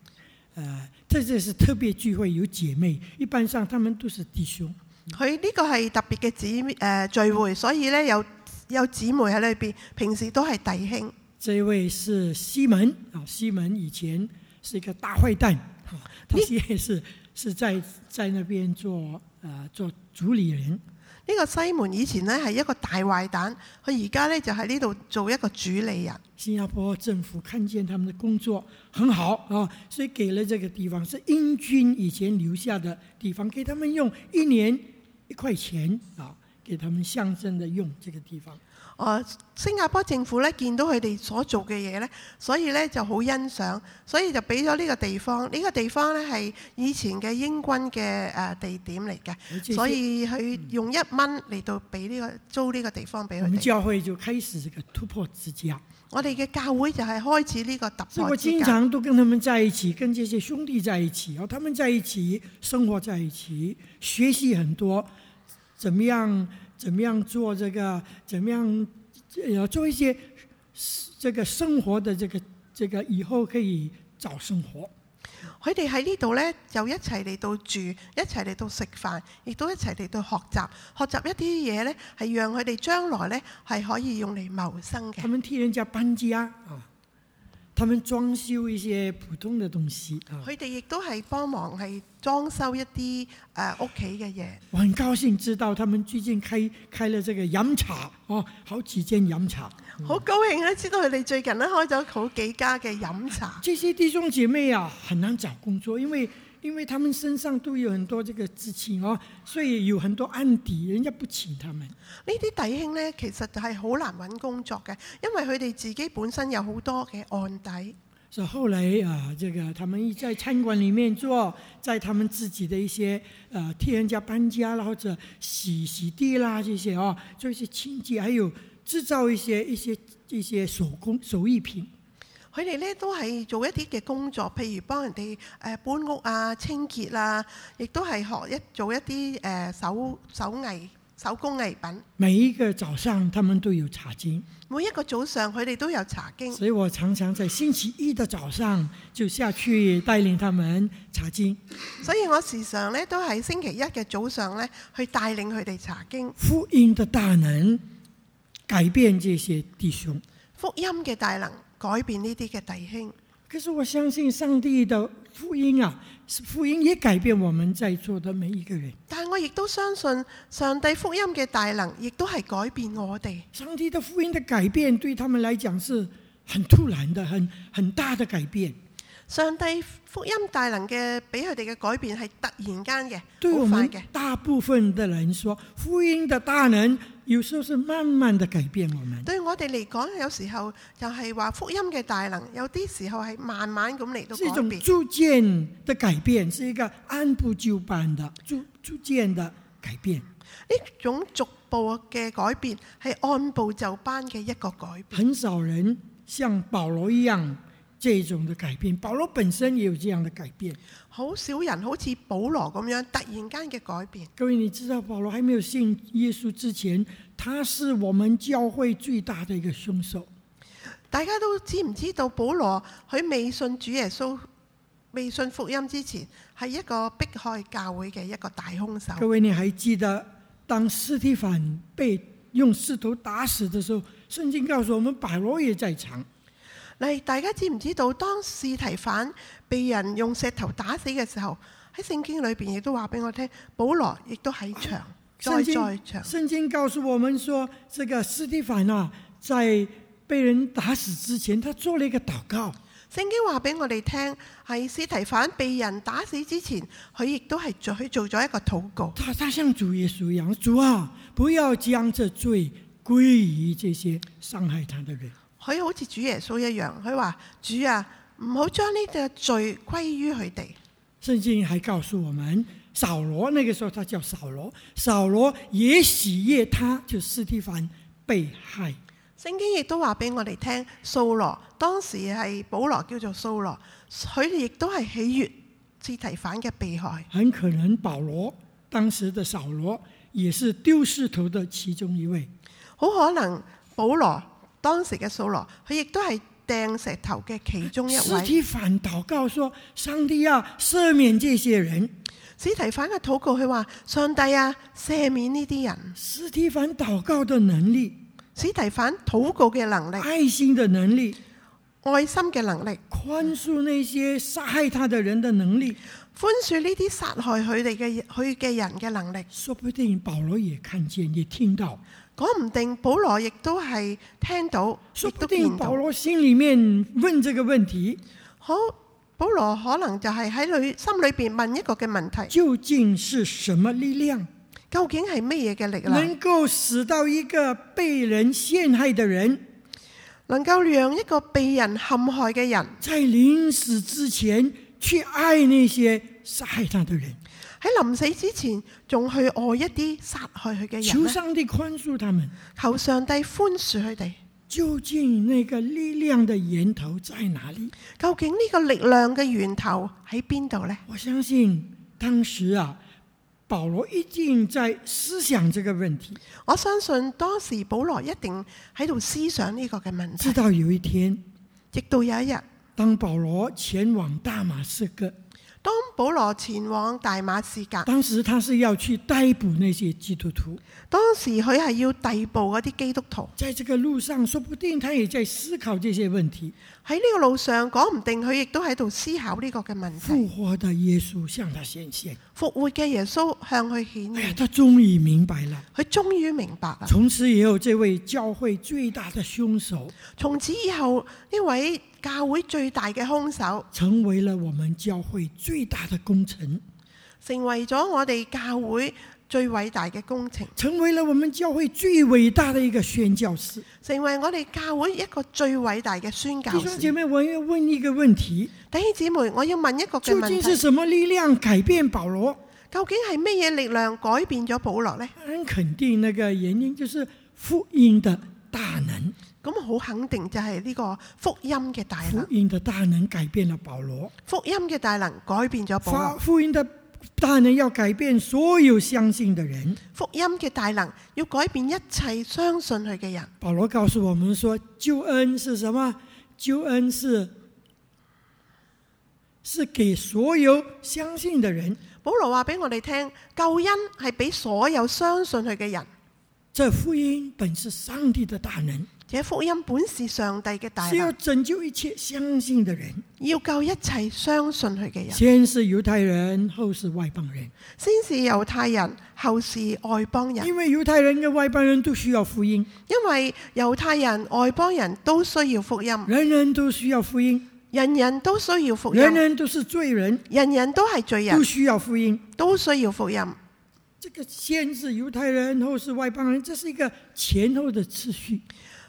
A: 呃，這是特別聚會，有姐妹。一般上他們都是弟兄。
B: 佢呢個係特別嘅姊妹誒聚會，所以咧有有姊妹喺裏邊，平時都係弟兄。
A: 這位是西門啊，西門以前是一個大壞蛋。好，他現在是是在在那邊做做主理人。呢、這個西門
B: 以前呢係一個大壞蛋，佢而家呢就喺呢度做一個主理人。新加坡
A: 政府看見他們的工作很好啊，所以給了這個地方，是英軍以前留下的地方，給他們用一年一塊錢啊，給他們象徵的用這個地方。
B: 啊！新加坡政府咧見到佢哋所做嘅嘢咧，所以咧就好欣賞，所以就俾咗呢個地方。呢、這個地方咧係以前嘅英軍嘅誒地點嚟嘅，所以佢用一蚊嚟到俾呢個租呢個地方俾佢哋。我們教
A: 會就開始這個突破自己啊！
B: 我哋嘅教會就係開始呢個突破。我、這個、經常
A: 都跟他們在一起，跟這些兄弟在一起，哦，他們在一起生活在一起，學習很多，怎麼樣？怎麼樣做這個？怎麼樣做一些這個生活的這個這個？以後可以找生活。佢哋喺呢度呢，就
B: 一齊嚟到住，一齊嚟到食飯，亦都一齊嚟到學習，學習一啲嘢呢，係讓佢哋將來呢係可以用嚟謀生嘅。咁替人家搬家
A: 他們裝修一些普通的東西，佢
B: 哋亦都係幫忙係裝修一啲誒屋企嘅嘢。我
A: 很高興知道他們最近開開了這個飲茶，哦，好幾間飲茶，
B: 好、嗯、高興啊！知道佢哋最近咧開
A: 咗好幾家嘅飲茶。這些弟兄姐妹啊，很難找工作，因為，因為他們身上都有很多這個知情哦，所以有很多案底，人家不請他們。呢
B: 啲弟兄呢，其實係好難搵工作嘅，因為佢哋自己本身有好多
A: 嘅案底。所以後來啊，這個他們在餐館裏面做，在他們自己的一些呃替人家搬家啦，或者洗洗地啦這些哦、啊，做一些清潔，還有製造一些一些一些，一些手工手工藝品。
B: 佢哋咧都係做一啲嘅工作，譬如幫人哋誒搬屋啊、清潔啊，亦都係學一做一啲誒、呃、手手藝、手工藝品。
A: 每一個早上，他們都有查經。
B: 每一個早上，佢哋都有查經。所以
A: 我常常在星期一嘅早上就下去帶領他們查經。
B: 所以我時常咧都喺星期一嘅早上咧去帶領佢哋查經。
A: 福音的大能改變這些弟兄。
B: 福音嘅大能。改變呢啲嘅弟兄，
A: 其實我相信上帝的福音啊，是福音也改變我們在座的每一個人。
B: 但我亦都相信上帝福音嘅大能，亦都係改變我哋。上帝的福音的改變對他們來講是很突然的，很很大的改變。上帝福音大能嘅俾佢哋嘅改變係突然間嘅，
A: 對我們大部分的人說，福音的大能。有時候是慢慢的改變我們。
B: 對我哋嚟講，有時候就係話福音嘅大能，有啲時候係慢慢咁嚟到改變。是一種逐
A: 漸的改變，是一個按部就班的，逐逐漸的改變。呢種逐步
B: 嘅改變，係按部就班嘅一個改變。很少人像保
A: 羅一樣。這一種的改變，保羅本身也有這樣的改變。好少人好似保羅咁樣突然間嘅改變。各位，你知道保羅喺沒有信耶穌之前，他是我們教會最大的一個兇手。大家都知
B: 唔知道保羅喺未信主耶穌、未信福音之前，係一個迫害教會嘅一個大兇手。各位，
A: 你還記得當司提反被用石頭打死的時候，聖經告訴我們保羅也在場。
B: 大家知唔知道當司提反被人用石頭打死嘅時候，喺聖經裏邊亦都話俾我聽，保羅亦都喺場。在
A: 場，啊、聖經再在場聖經告訴我們說，這個斯蒂凡啊，在被人打死之前，他做
B: 了一個禱告。聖經話俾我哋聽，係司提反被人打死之前，
A: 佢亦都係做做咗一個禱告。他，他像主耶穌一樣，主啊，不要將這罪歸於這些傷害他的人。
B: 佢好似主耶穌一樣，
A: 佢話主啊，唔好將呢個罪歸於佢哋。聖經還告訴我們，掃羅那個時候，他叫掃羅，掃羅也喜悅他就是，司提反被害。
B: 聖經亦都話俾我哋聽，掃羅當時係保羅叫做掃羅，佢哋亦都係喜悅司提反嘅被
A: 害。很可能保羅當時嘅掃羅也是丟石頭的其中一位，
B: 好可能保羅。當時嘅掃羅，佢亦都係掟石頭嘅其中一位。史提凡禱告說：上帝啊，赦免這些人。史提凡嘅禱告，佢話：上帝啊，赦免呢啲人。史提凡禱告嘅能力，史提凡禱告嘅能力，愛心嘅能力，愛心嘅能力，寬恕那些殺害他的人嘅能力。寬恕呢啲殺害佢哋嘅佢嘅人嘅能力，說不定保羅也看見，也聽到，講唔定保羅亦都係聽到，說不定保羅心裏面問這個問題，好，保羅可能就係喺佢心裏邊問一個嘅問題，究竟是什麼力量？究竟係咩嘢嘅力量？能夠使到一個被人陷害嘅人，能夠讓一個被人陷害嘅人，在臨死之前去愛那些。殺害
A: 他的人喺
B: 臨死之前，仲去愛一啲殺害佢嘅人，求上帝寬恕他們，求上帝寬恕佢哋。究竟那個力量的源頭在哪裏？究竟呢個力量嘅源頭喺邊度呢？我相信當時啊，保羅一定在思想這個問題。我相信當時保羅一定喺度思想呢個嘅問題。直到有一天，直到有一日，當保羅前往大馬士革。當保羅前往大馬士革，當時他
A: 是要去逮捕那些基督徒。當時佢係要逮捕嗰啲基督徒。在這個路上，說不定他也在思考這些問題。
B: 喺呢個路上，講唔定佢亦都喺度思考呢個嘅問題。復活的耶穌向他顯現，復活嘅耶穌向佢顯現。哎呀，他終於明白了，佢終於明白
A: 啦。從此以後，這位教會最大的凶手，從此以後呢位。教會最大嘅兇手，成為了我們教會最大的工程，
B: 成為咗我哋教會最偉大嘅工程，成為了我們教會最偉大的一個宣教士，成為我哋教會一個最偉大嘅宣教士。姐妹，我要問一個問題，弟兄姐妹，我要問一個，究竟是什麼力量改變保羅？究竟係乜嘢力量改變咗保羅呢？
A: 很肯定，那個原因就是福音的大
B: 能。咁好肯定就係呢個福音嘅大能。福音嘅大
A: 能改變了保羅。
B: 福音嘅大能改變咗保羅。福音嘅
A: 大能要改變所有相信嘅人。
B: 福音嘅大能要改變一切相信佢嘅人。
A: 保羅告訴我們說，救恩是什麼？救恩是是給所有相信嘅人。
B: 保羅話俾我哋聽，救恩係俾所有相信佢嘅人。這福音本是上帝的大能。這福音本是上帝嘅大能，是要拯救一切
A: 相信嘅人，
B: 要救一切相信佢嘅人。先
A: 是猶太人，後是外邦人；
B: 先是猶太人，後是外邦人。因為猶太人跟外邦人都需要福音，因為猶太人、外邦人都需要福音。人人都需要福音，人人都需要福音。人人都是罪人，人人都係罪人，都需要福音，都需要福音。
A: 這個先是猶太人，後是外邦人，這是
B: 一個前後的次序。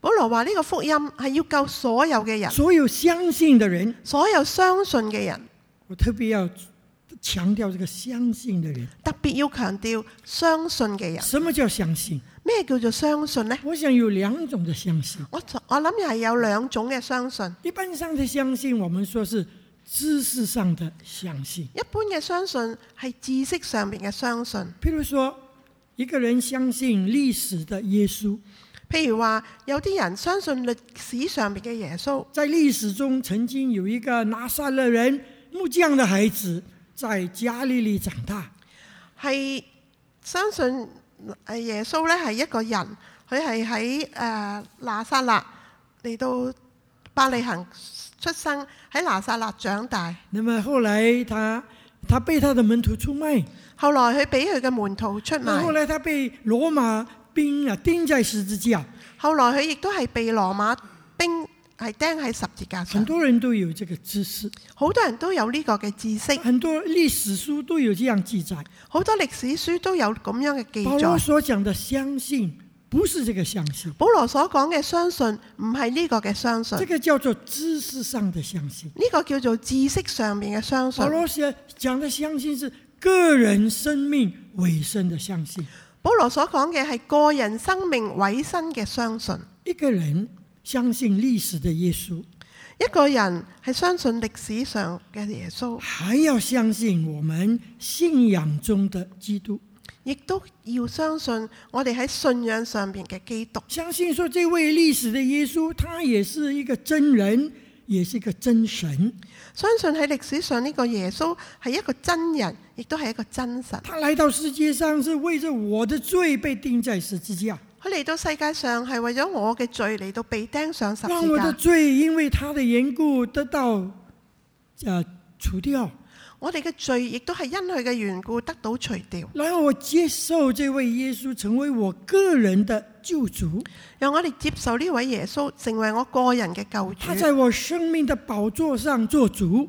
B: 保羅話：呢個福音係要救所有嘅人，所有相信嘅人，所有相信嘅人。我特別要強調這個相信嘅人，特別要強調相信嘅人。什麼叫相信？咩叫做相，相信呢？我想有兩種嘅相信，我我諗係有兩種嘅相，相信。一般上嘅相信，我們說是知識上
A: 的相信。
B: 一般嘅相信係知識上面嘅相信。譬如說，
A: 一個人相信歷史的耶穌。譬如話，有啲人相信歷史上面嘅耶穌，在歷史中曾經有一個拿撒勒人木匠嘅孩子，在家裏裏長大，係相信
B: 耶穌呢係一個人，佢係喺誒拿撒勒嚟到伯利恒出生，喺拿撒勒長大。那麼後來他，他被他的門徒出賣，後來佢俾佢嘅門徒出賣，後來他被羅馬。釘啊，釘在十字架。後來佢亦都係被羅馬兵係釘喺十字架上。很多人都有這個知識，好多人都有呢個嘅知識，很多歷史書都有這樣記載，好多歷史書都有咁樣嘅記載。保羅所
A: 講的相信，不是這個相信。
B: 保羅所講嘅相信，唔係呢個嘅相信。這個
A: 叫做知識上的相信，
B: 呢個叫做知識上面嘅
A: 相信。保羅所講嘅相信是個人生命委身的相信。
B: 保羅所講嘅係個人生命委身嘅相信。一個人相信歷史的耶穌，一個人係相信歷史上嘅耶穌，還要相信我們信仰中的基督，亦都要相信我哋喺信仰上面嘅基督。相信說，這位歷史的耶穌，他也是一個真人，也是一個真神。相信喺歷史上呢個耶穌係一個真人，亦都係一個真神。他
A: 來到世界上是為咗我的罪被釘在十字架。
B: 佢嚟到世界上係為咗我嘅罪嚟到被釘上十字架。讓我的
A: 罪因為他的緣故得到，呃，除
B: 掉。我哋嘅罪亦都係因佢嘅緣故得到除掉。然後我接受這位耶穌成為我個人嘅救主，讓我哋接受呢位耶穌成為我個人嘅救主。佢在我生命嘅寶座上做主，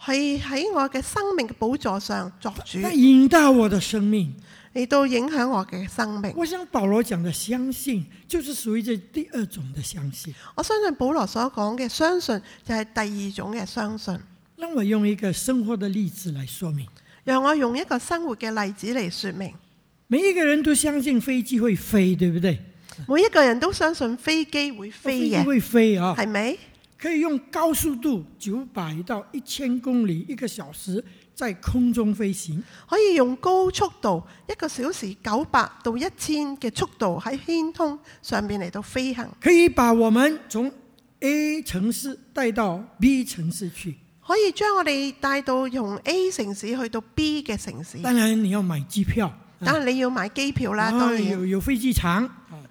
B: 係喺我嘅生命嘅寶座上作主。他引到我嘅生命，亦都影響我嘅生命。我想保羅講嘅相信，就是屬於這第二種嘅相信。我相信保羅所講嘅相信，就係第二種嘅相信。
A: 讓我用一個生活的例子來說明。
B: 讓我用一個生活嘅例子嚟說明。
A: 每一個人都相信飛機會飛，對不對？每一個人都相信飛機會飛嘅，飛會飛啊，係咪？可以用高速度九百到一千公里一個小時在空中飛行，可以用高速度一個小時九
B: 百到一千嘅速度喺天空上面嚟到飛行，
A: 可以把我們從 A 城市帶到 B 城市去。
B: 可以將我哋帶到從 A 城市去到 B 嘅城市。當然
A: 你要買機票，
B: 當然，你要買機票啦，當、啊、然。有有飛機場，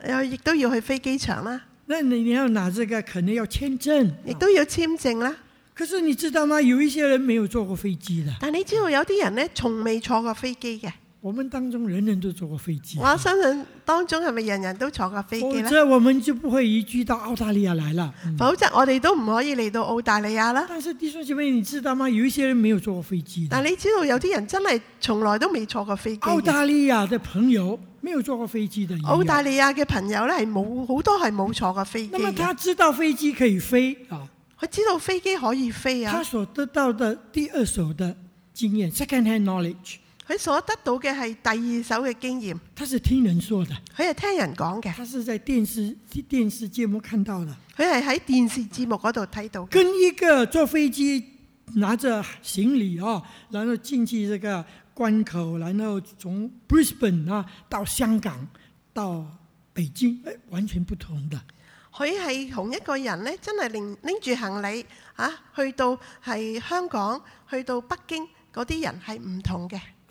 B: 又、啊、亦都要去飛機場啦。那你你要拿呢、這個，可能要簽證。亦、啊、都要簽證啦、啊。可是你知道嗎？有一些人沒有坐過
A: 飛機啦。
B: 但你知道有啲人呢從未坐過飛機嘅。我們當中人人都坐過飛機，我相信當中係咪人人都坐過飛機呢？所以，我們就唔會移居到澳大利亞來啦、嗯。否則我哋都唔可以嚟到澳大利亞啦。
A: 但是弟兄姐妹，你知道嗎？有一些人沒有坐過飛機。
B: 但你知道有啲人真係從來都未坐過飛機。澳大
A: 利亞嘅朋友沒有坐過飛機的。澳大利
B: 亞嘅朋友咧係冇好多係冇坐過飛機。那麼他知道飛機可以飛啊？佢知道飛機可以飛啊？他所得到的第二手的經驗 （second-hand knowledge）。你所得到嘅係第二手嘅經驗，
A: 他是聽人說的，佢係聽人講嘅。他是在電視電視節目看到的。佢係喺電視節目嗰度睇到。跟一個坐飛機拿着行李哦、啊，然後進去這個關口，然後從 Brisbane 啊到香港，到北京，誒，完全不同的。佢係同
B: 一個人咧，真係拎拎住行李啊，去到係香港，去到北京嗰啲人係唔同嘅。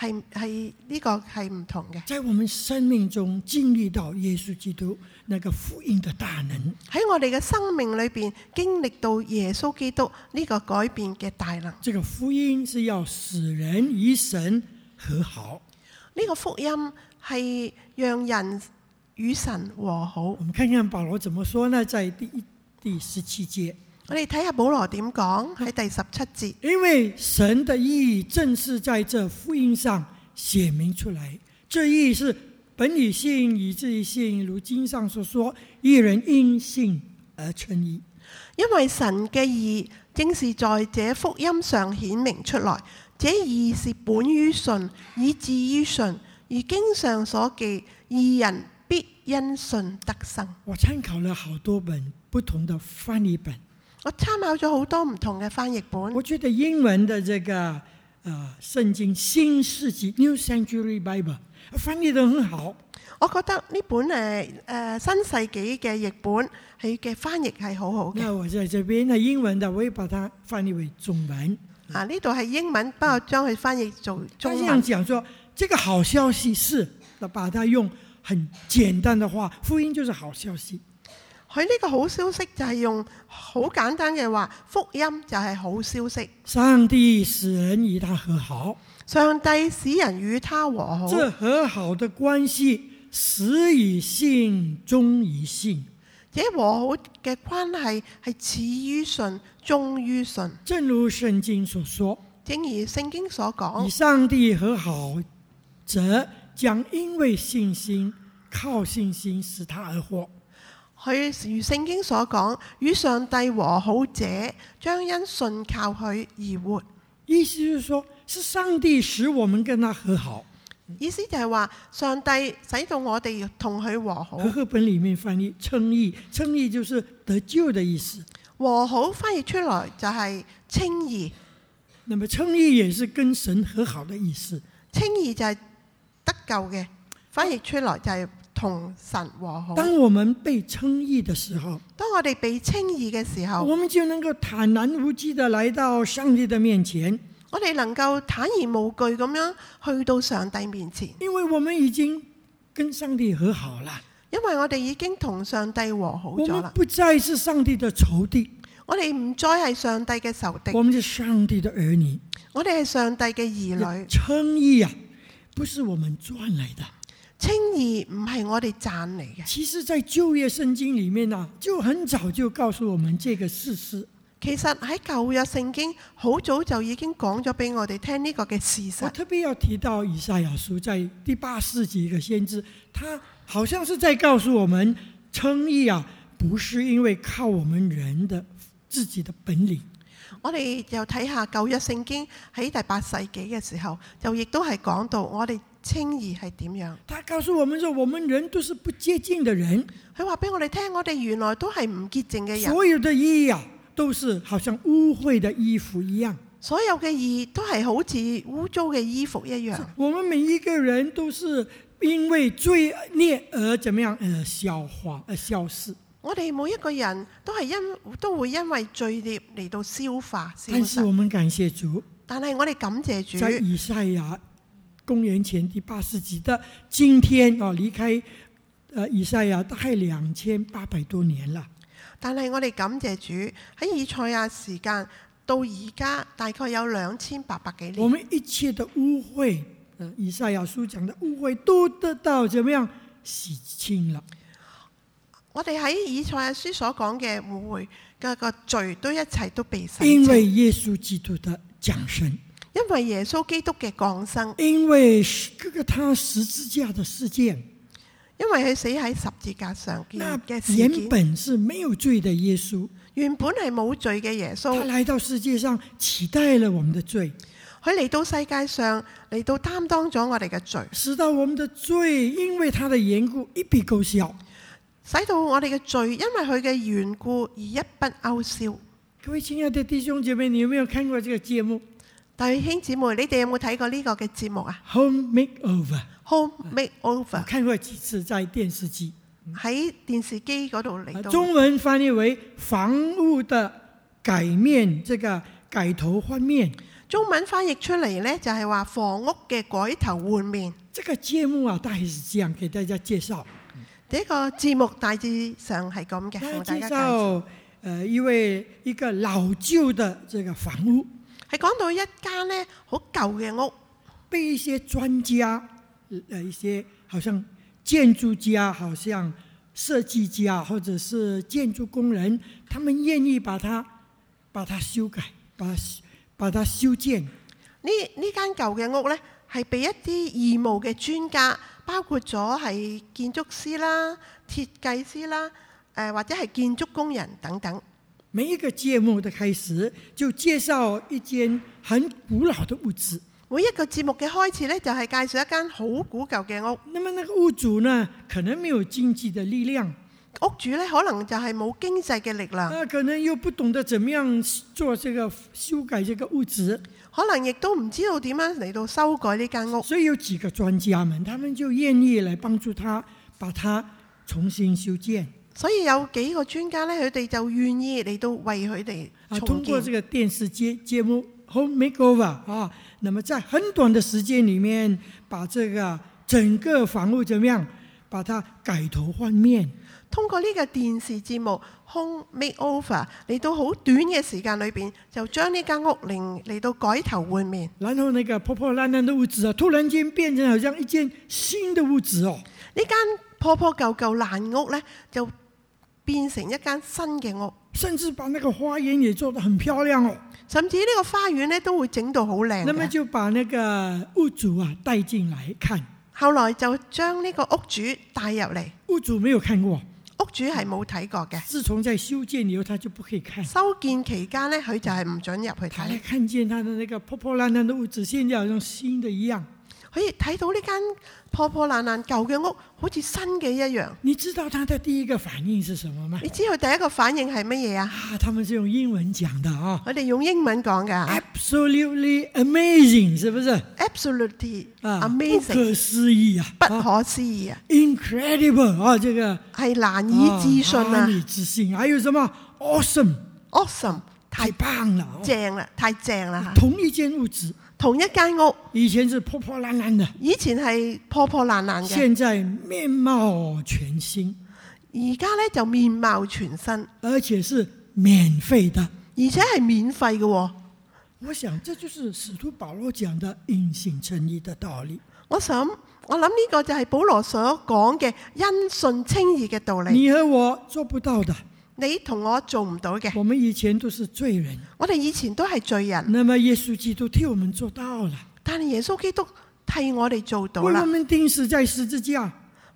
B: 係係呢個係唔同嘅，在
A: 我們生命中經歷到耶穌基督那個福音的大能，
B: 喺我哋嘅生命裏邊經歷到耶穌基督呢個改變嘅大能。這個福音是要使人與神和好，呢個福音係讓人與神和好。我們看看保羅怎麼說呢？在
A: 第第十七節。我哋睇下保羅點講喺第十七節，因為神嘅意義正是在這福音上寫明出來。這意義是本於信，以至於信，如經上所說：義人因信而存義。
B: 因為神嘅義正是在這福音上顯明出來，這義是本於信，以至於信。而經上所記，義人必因信得生。我參考了好多本
A: 不同的翻譯本。我參考咗好多唔同嘅翻譯本。我覺得英文的這個誒聖，呃，經新世紀 New Century Bible 翻譯都很好。
B: 我覺得呢本誒誒，呃，新世紀嘅譯本佢嘅
A: 翻譯係好好嘅。那我喺呢邊係英文的，我會把它翻譯為中文。
B: 啊，呢度係英文，不過將佢翻譯做中文。經上
A: 講，說這個好消息是，把它用很簡單的話，福音就是好消息。佢、這、呢個好
B: 消息就係用好簡單嘅話，福音就係好消息。上帝使人與他和好，上帝使人與他和好。這和好的關係始以信終以信，這和好嘅關係係始於信終於信。正如聖經所說，
A: 正如聖經所講，與上帝和好，者將因為信心靠信心使他而活。」佢如聖經
B: 所講，與上帝和好者將因信靠佢而活。意思就係說，是上帝使我們跟他和好。意思就係話，上帝使到我哋同佢和好。和合本裡面翻譯稱義，稱義就是得救的意思。和好翻譯出來就係稱義。那麼稱義也是跟神和好的意思。稱義就係得救嘅，翻譯出來就係、是。同神和好。當我
A: 們被稱義的時候，當
B: 我哋被稱義嘅時候，
A: 我們就能夠坦然無懼地來到上帝的面前。
B: 我哋能夠坦然無懼咁樣去到上帝面前，因為我們已經跟上帝和好了。因為我哋已經同上帝和好咗啦，我們不再是上帝的仇敵。我哋唔再係上帝嘅仇敵，我們係上帝的兒女，我哋係上帝嘅兒女。稱義呀、啊，不是我們賺嚟的。稱義唔係我哋賺嚟嘅。其實，在舊約聖經裏面啊，就很早就告訴我們這個事實。其實喺舊約聖經好早就已經
A: 講咗俾我哋聽呢個嘅事實。我特別要提到以賽亞書在第八世紀嘅先知，他好像是在告訴我們，稱義啊，不是因為靠我們人的自己的本領。
B: 我哋又睇下舊約聖經喺第八世紀嘅時候，就亦都係講到我哋。清義係點樣？他
A: 告訴我們說，我們人都是不潔淨的人。佢話俾我哋聽，我哋原來都係唔潔淨嘅人。所有的義啊，都是好像污穢的衣服一樣。所有嘅義都係好似污糟嘅衣服一樣。我們每一個人都是因為罪孽而怎麼樣而、呃、消化而消失。
B: 我哋每一個人都係因都會因為罪孽嚟到消化消失。但是
A: 我們感謝主。但係我哋感謝主。在以賽亞。公元前第八世紀的今天，哦，離開，誒，以賽亞大概兩千八百多年啦。
B: 但係我哋感謝主，喺以賽亞時間到而家，大概有兩
A: 千八百幾年。我們一切的污穢，嗯、以賽亞書講的污穢都得到怎麼樣洗清啦？
B: 我哋喺以賽亞書所講嘅污穢嘅個罪，都一切都被洗，因為
A: 耶穌基督的降生。
B: 因為耶穌基督嘅降生，因為佢個他十字架的事件，因為佢死喺十字架上，原本是沒有罪的耶穌，原本係冇罪嘅耶穌，他來到世界上取代了我們的罪，佢嚟到世界上嚟到擔當咗我哋嘅罪，使罪，使到我們的罪因為他的緣故一筆勾銷，使到我哋嘅罪因為佢嘅緣故而一筆勾銷。各位親愛的弟兄姐妹，你有冇看過呢個節目？弟兄姊妹，你哋有冇睇過呢個嘅節目啊？Home
A: Makeover，Home
B: Makeover。
A: 我看過幾次在，在電視機
B: 喺電視機嗰度嚟到。中文
A: 翻譯為房屋的改面，這個改頭換面。
B: 中文翻譯出嚟呢，就係話房屋嘅改頭換面。這個節目啊，大體是這樣給大家介紹。個節目大致上係咁嘅。介紹，
A: 誒，一、呃、位一個老舊的這個房屋。係講到一間咧好舊嘅屋，被一些專家、誒一些好像建築家、好像設計家，或者是建築工人，他們願意把它、把它修改、把它把它修
B: 建。呢，呢間舊嘅屋咧，係俾一啲義務嘅專家，包括咗係建築師啦、設計師啦，誒、呃、或者係建築工人等等。每一個節目的開始就介紹一間很古老的屋子。每一個節目嘅開始呢就係介紹一間好古舊嘅屋。那麼
A: 那個屋主呢，可能沒有經濟的力量，屋主呢，可能就係冇經濟嘅力量。啊，可能又不懂得怎麼樣做這個修改，這個屋子。可能亦都唔知道點樣嚟、到修改呢間屋。所以有幾個專家們，他們就願意來幫助他，把他重新修建。
B: 所以有幾個專家咧，佢哋就願意嚟到為佢哋重建。啊，通過呢
A: 個電視節節目 Home Makeover 啊,那麼在很短的時間裡面，把這個整個房屋點樣，把它改頭換面。通過呢個電視節目
B: Home Makeover，嚟到好短嘅時間裡邊就將呢間屋令嚟到改頭換面。然後呢個破破爛爛嘅屋子啊，突然間變成好像一間新的屋子哦。間婆婆舅舅呢間破破舊舊爛屋咧就。變成一間新嘅屋，甚至把那個花園也做得很漂亮哦。甚至呢個花園咧都會整到好靚。那麼
A: 就把那個屋主啊帶進來看。
B: 後來就將呢個屋主帶入嚟。屋主沒有看過，屋主係冇睇過嘅。自從在修建以後，他就不可以看。修建期間呢，佢就係唔准入去睇。看見他的那個破破爛爛的屋子，現在好像新的一樣。可以睇到呢間破破爛爛舊嘅屋，好似新嘅一樣。你知道他的第一個反應是什麼嗎？你知道他第一個反應係乜嘢啊？啊，他們是用英文講的啊！我哋用英文講嘅、
A: 啊。Absolutely amazing，是不是？Absolutely amazing，不可思議啊！不可思議啊，啊，思議啊！Incredible 啊，這個係難以置信啊！難以置信，還、啊、有什麼？Awesome，awesome，awesome，太棒了，
B: 正啦，太正了、啊、同一間屋子。同一間屋，以前是破破爛爛的，以前係破破爛爛嘅，現在面貌全新。而家呢就面貌全新，而
A: 且是免費的，而且係免費嘅。我想，這就是使徒保羅講的因信稱義的道理。我想，我諗呢個就係保
B: 羅所講嘅因信稱義嘅道理。你和我做不到的。你同我做唔到嘅，我們以前都是罪人，我哋以前都係罪人。那麼耶穌基督替我們做到了，但係耶穌基督替我哋做到啦。為我們釘死在十字架，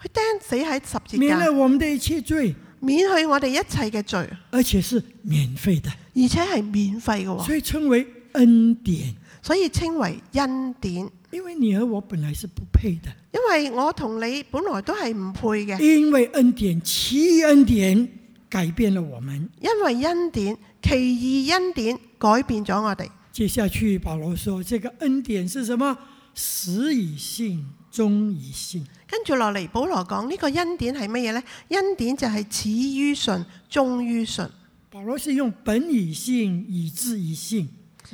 B: 佢釘死喺十字架，免了我哋一切罪，免去我哋一切嘅罪，而且是
A: 免費的，
B: 而且係免費嘅，所以稱為恩典，所以稱為恩典。因為你和我本來是不配嘅，因為我同你
A: 本來都係唔配嘅，因為恩典，賜恩典。改變了我們，
B: 因為恩典，其二恩典
A: 改變咗我哋。接下去保羅說，這個恩典是什麼？始以信，終以信。跟住
B: 落嚟，保羅講呢個恩典係乜嘢呢？恩典就係始於信，終於
A: 信。保羅是用本以信以至以信，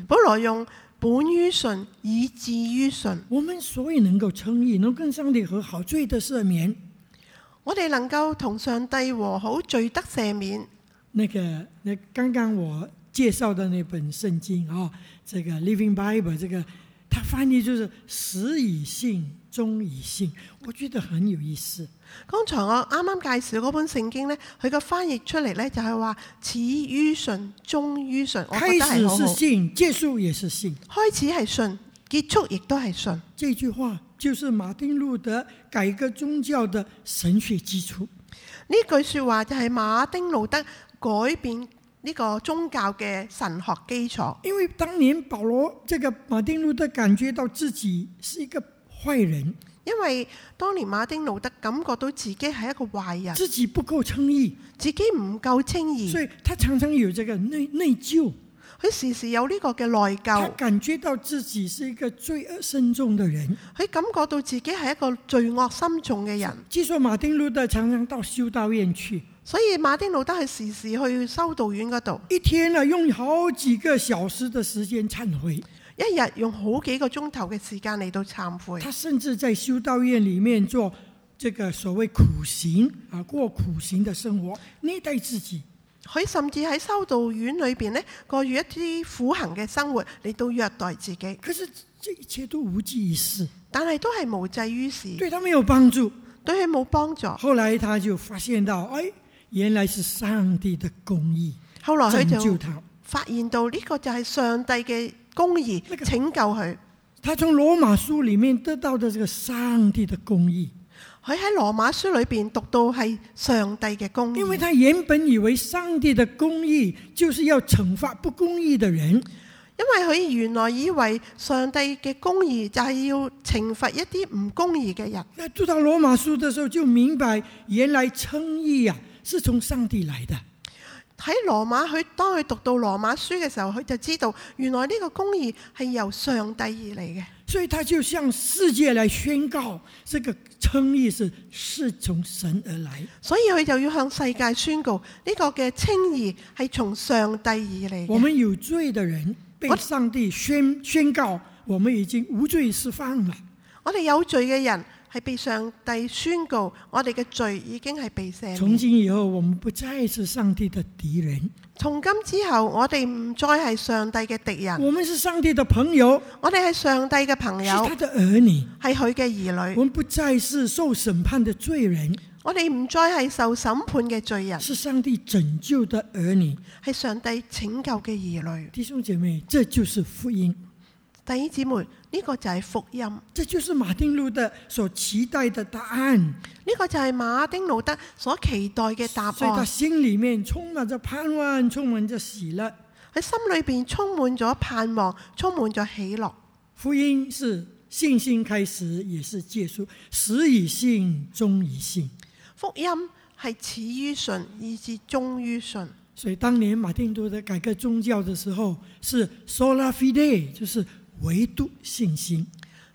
A: 保羅用本於信以至於信。我們所以能夠稱義，能跟上帝和好，罪得赦免。
B: 我哋能夠同上帝和好，罪得赦免。
A: 那個，你剛剛我介紹的那本聖經啊、哦，這個 Living Bible，這個，他翻譯就是始以信，終以信，我覺得很有意思。
B: 剛才我啱啱介紹嗰本聖經呢，佢個翻譯出嚟呢，就係話始於信，終於信。開始是信，
A: 結束也是信。開始係信，結束亦都係信。這句話，就是馬丁路德改革宗教的神學基礎，
B: 呢句說話就係馬丁路德改
A: 變呢個宗教
B: 嘅神學基
A: 礎。因為當年保羅，這個馬丁路德感覺到自己是一個壞人，
B: 因為當年馬丁路德感覺到自己係一個壞人，自己不夠稱義，自己唔夠稱義，所以他常常有這個內內疚。佢時時有呢個嘅內疚，感覺到自己是一個罪惡深重的人，佢感覺到自己係一個罪惡深重
A: 嘅人。據說馬丁路德常常到修道院去，所以馬丁路德係時時去修道院嗰度，一天啊用好幾個小時的時間懺悔，一日用好幾個鐘頭嘅時間嚟到懺悔。他甚至在修道院裏面做這個所謂苦行啊，過苦行的生活，虐待自己。佢
B: 甚至喺修道院裏邊呢，過住一啲苦行嘅生活你都虐待自
A: 己。可是，一切都無濟於事。但係都係無濟於事。對他沒有幫助。對佢冇幫助。後來他就發現到，哎，原來是上帝的公義。後來佢就
B: 發現到呢個就係上帝嘅公義、那個、拯救佢。他從羅馬書裡面得到的這個上帝的公義。佢喺《羅馬書》裏邊讀到係上帝嘅公義，因為他原本以為上帝嘅公義就是要懲罰不公義嘅人，因為佢原來以為上帝嘅公義就係要懲罰一啲唔公義嘅人。那
A: 讀到《羅馬書》的時候就明白，原來稱義啊，是從上帝來的。
B: 喺羅馬，佢當佢讀到羅馬書嘅時候，佢就知道原來呢個公義係由
A: 上帝而嚟嘅。所以他就向世界嚟宣告，這個稱義是是從神而來。所以佢就要向
B: 世界宣告，呢個嘅稱義係從上帝而嚟。我們
A: 有罪的人被上帝宣宣告，我們已經無罪釋放啦。
B: 我哋有罪嘅人。係被上帝宣告，我哋嘅罪已經係被赦免。從今
A: 以後，我們不再是上帝的敵人。
B: 從今之後，我哋唔再係上帝嘅敵人。我們是上帝的朋友，我哋係上帝嘅朋友。是他的兒女，係佢嘅兒女。我們不再是受審判的罪人，我哋唔再係受審判嘅罪人。是上帝拯救的兒女，係上帝拯救嘅兒女。弟兄姐妹，這就是福音。弟兄姊妹，呢個就係福音，這就是馬丁路德所期待的答案。呢、這個就係馬丁路德所期待嘅答案。所以，他心裏面充滿咗盼望，充滿咗喜樂。喺心裏邊充滿咗盼望，充滿咗喜
A: 樂。福音是信心開始，也是結束，始以信，終以信。福音係始於信，以至終於信。所以當年馬丁路德改革宗教嘅時候，是 Sola Fide，就是。唯獨信心。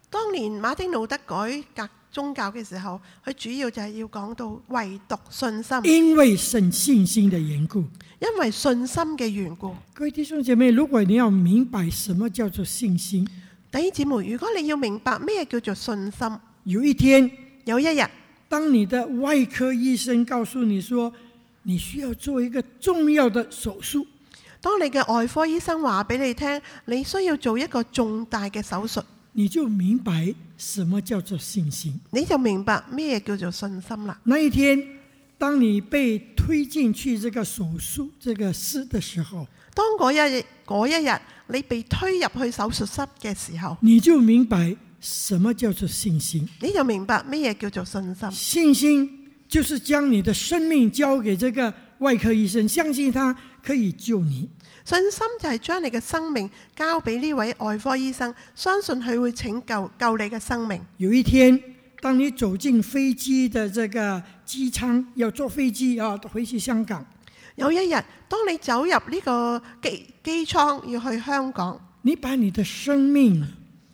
B: 當年馬丁路德改革宗教嘅時候，佢主要就係要講到唯獨信心。因為
A: 信信心的緣故，因為信心嘅緣故。各位弟兄姐妹，如果你要明白什麼叫做信心，
B: 弟兄姊妹，如果你要明白咩叫做信心，有一天，有一日，當你的外科醫生告訴你說，你需要做一個重要的手術。當你嘅外科醫生話俾你聽，你需要做一個重
A: 大嘅手術，你就明白什麼叫做信心，你就明
B: 白咩叫做信心啦。那一天，當
A: 你被推進去這個手術
B: 這個室的時候，當嗰一嗰一日，一日你被推入去手術室嘅
A: 時候，你就明白什麼叫做信心，你就明白咩叫做信心。信心就是將你的生命交給這個外科醫生，相信他可以救你。
B: 信心就係將你嘅生命交俾呢位外科醫生，相信佢會拯救救你嘅生命。
A: 有一天，當你走進飛機的這個機艙，要坐飛機啊，回去香港。有一日，
B: 當你走入呢個機機艙要去香港，你把你的生命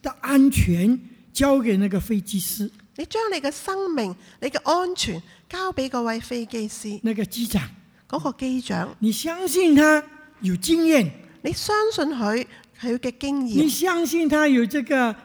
B: 的安全交給那個飛機師。你將你嘅生命、你嘅安全交俾嗰位飛機師。那個機長，嗰個機長，你相信他。有經驗，你相信佢佢嘅經驗。你相信
A: 佢有這個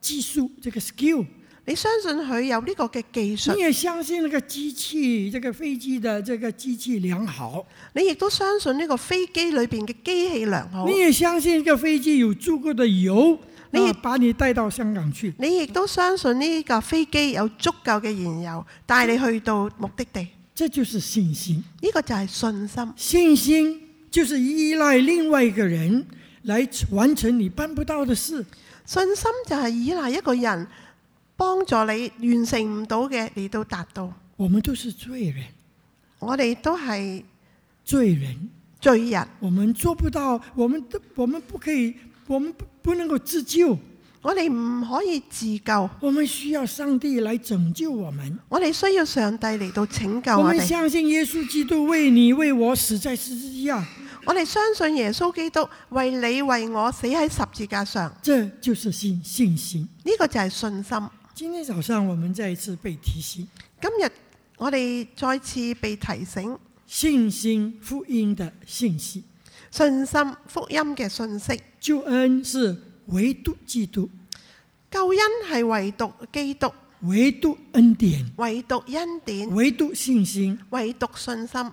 A: 技術，這個 skill。你相信佢有呢個嘅技術。你也相信呢個機器，這個飛機的這個機器良好。你亦都相信呢個飛機裏邊嘅機器良好。你也相信呢個飛機有足夠嘅油，
B: 你亦把你帶到香港去。你亦都相信呢架飛機有足夠嘅燃油，
A: 帶你去到目的地。這就是信心。呢個就係信心。信心。就是依賴另外一個人來完成你辦不到的事。
B: 信心就係依賴一個人幫助你完成唔到嘅，你都達到。我們都是罪人，我哋都係罪人、
A: 罪人。我們做不到，我們都，我們不可以，我們不能夠自救。我哋唔可以自救，我們需要上帝來拯救我們。我
B: 哋需要上帝嚟到拯救。我們
A: 相信耶穌基督為你為我死在十字架。
B: 我哋相信耶穌基督為你為我死喺十字架上。這
A: 就是信信心，呢個
B: 就係信心。今天早上我們再一次
A: 被提醒。
B: 今日我哋再次被提醒信心福音的信息，信心福音嘅信息。救恩是唯獨基督，救恩係唯獨基督，唯獨恩典，唯獨恩典，唯獨信心，唯獨信心。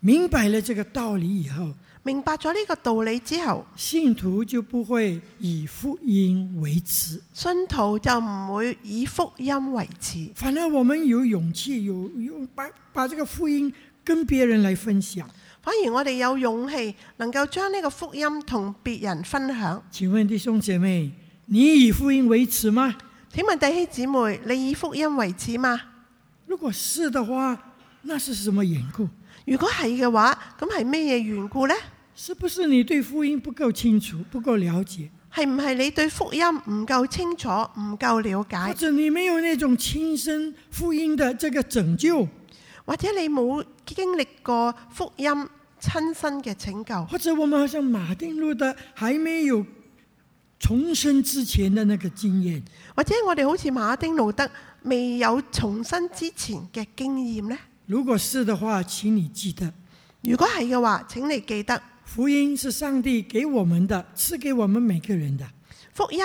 B: 明白了這個道理以後，明白咗呢個道理之後，信徒就不會以福音為恥，信徒就唔會以福音為恥。反而我們有勇氣有有把把這個福音跟別人來分享，反而我哋有勇氣能夠將呢個福音同別人分享。請問弟兄姐妹，你以福音為恥嗎？請問弟兄姊妹，你以福音為恥嗎？如果是的話，那是什麼緣故？如果係嘅話，咁係咩嘢緣故呢？是不是你對福音不夠清楚、不夠了解？係唔係你對福音唔夠清楚、唔夠了解？或者你沒有那種親身福音的這個拯救，或者你冇經歷過福音親身嘅拯救？或者我們好像馬丁路德還沒有重生之前的那個經驗，或者我哋好似馬丁路德未有重生
A: 之前嘅經驗呢？如果是的話，請你記得；如果係嘅話，請你記得。福音是上帝給我們的，賜給我們每個人的。福
B: 音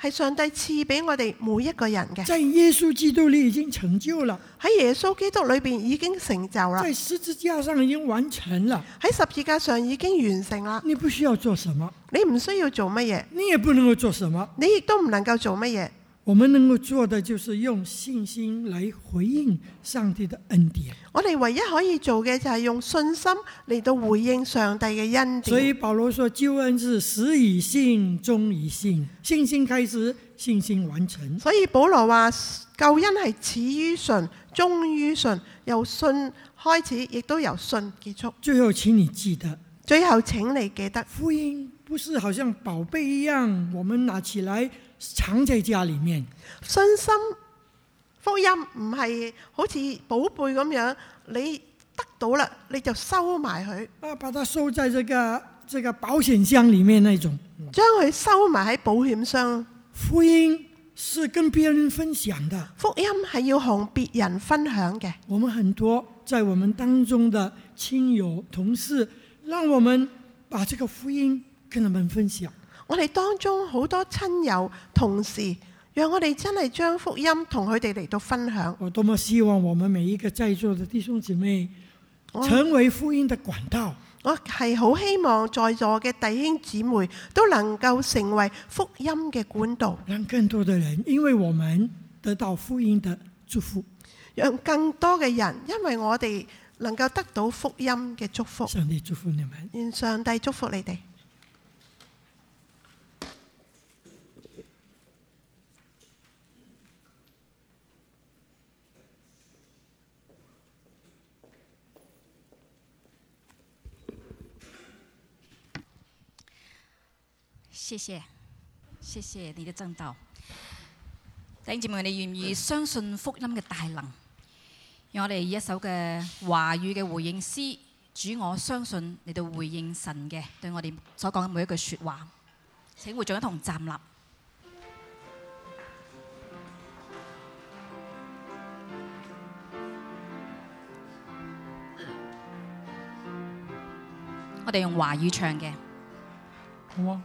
B: 係上帝賜俾我哋每一個人嘅。在耶穌基督裏已經成就了。喺耶穌基督裏邊已經成就了。在十字架上已經完成了。喺十字架上已經完成了。你不需要做什麼，你唔需要做乜嘢，你也不能夠做什麼，你亦都唔能夠做乜嘢。我們能夠做的就是用信心來回應上帝的恩典。我哋唯一可以做嘅就係用信心嚟到回應上帝嘅恩典。所以
A: 保羅說，救恩是始於信，終於信。信心開始，信心完成。
B: 所以保羅話，救恩係始於信，終於信，由信開始，亦都由信結束。最後，請你記得。最後，請你記得。福音不是好像寶貝一樣，我們拿起來。藏在家裏面，信心，福音唔係好似寶貝咁樣，你得到啦，你就收埋佢。啊，把它收在這個這個保險箱裏面那種，將佢收埋喺保險箱。
A: 福音是跟別人分享的，福音係要同別人分享嘅。我們很多在我們當中的親友同事，讓我們把這個福音跟他們分享。我哋當中好多親
B: 友同事，讓我哋真係將福音同佢哋嚟到分享。
A: 我多麼希望我們每一個在座的弟兄姊妹成為福音的管道。我
B: 係好希望在座嘅弟兄姊妹都能夠成為福音嘅管道，讓更多的人因為我們得到福音的祝福，讓更多嘅人因為我哋能夠得到福音嘅祝福。上帝祝福你們，願上帝祝福你哋。
A: 謝謝，謝謝你嘅爭鬥，弟兄姊妹，你願意相信福音嘅大能？用我哋以一首嘅華語嘅回應詩，主，我相信你哋，回應神嘅、對我哋所講嘅每一句說話，請會眾一同站立。 我哋用華語唱嘅，好啊。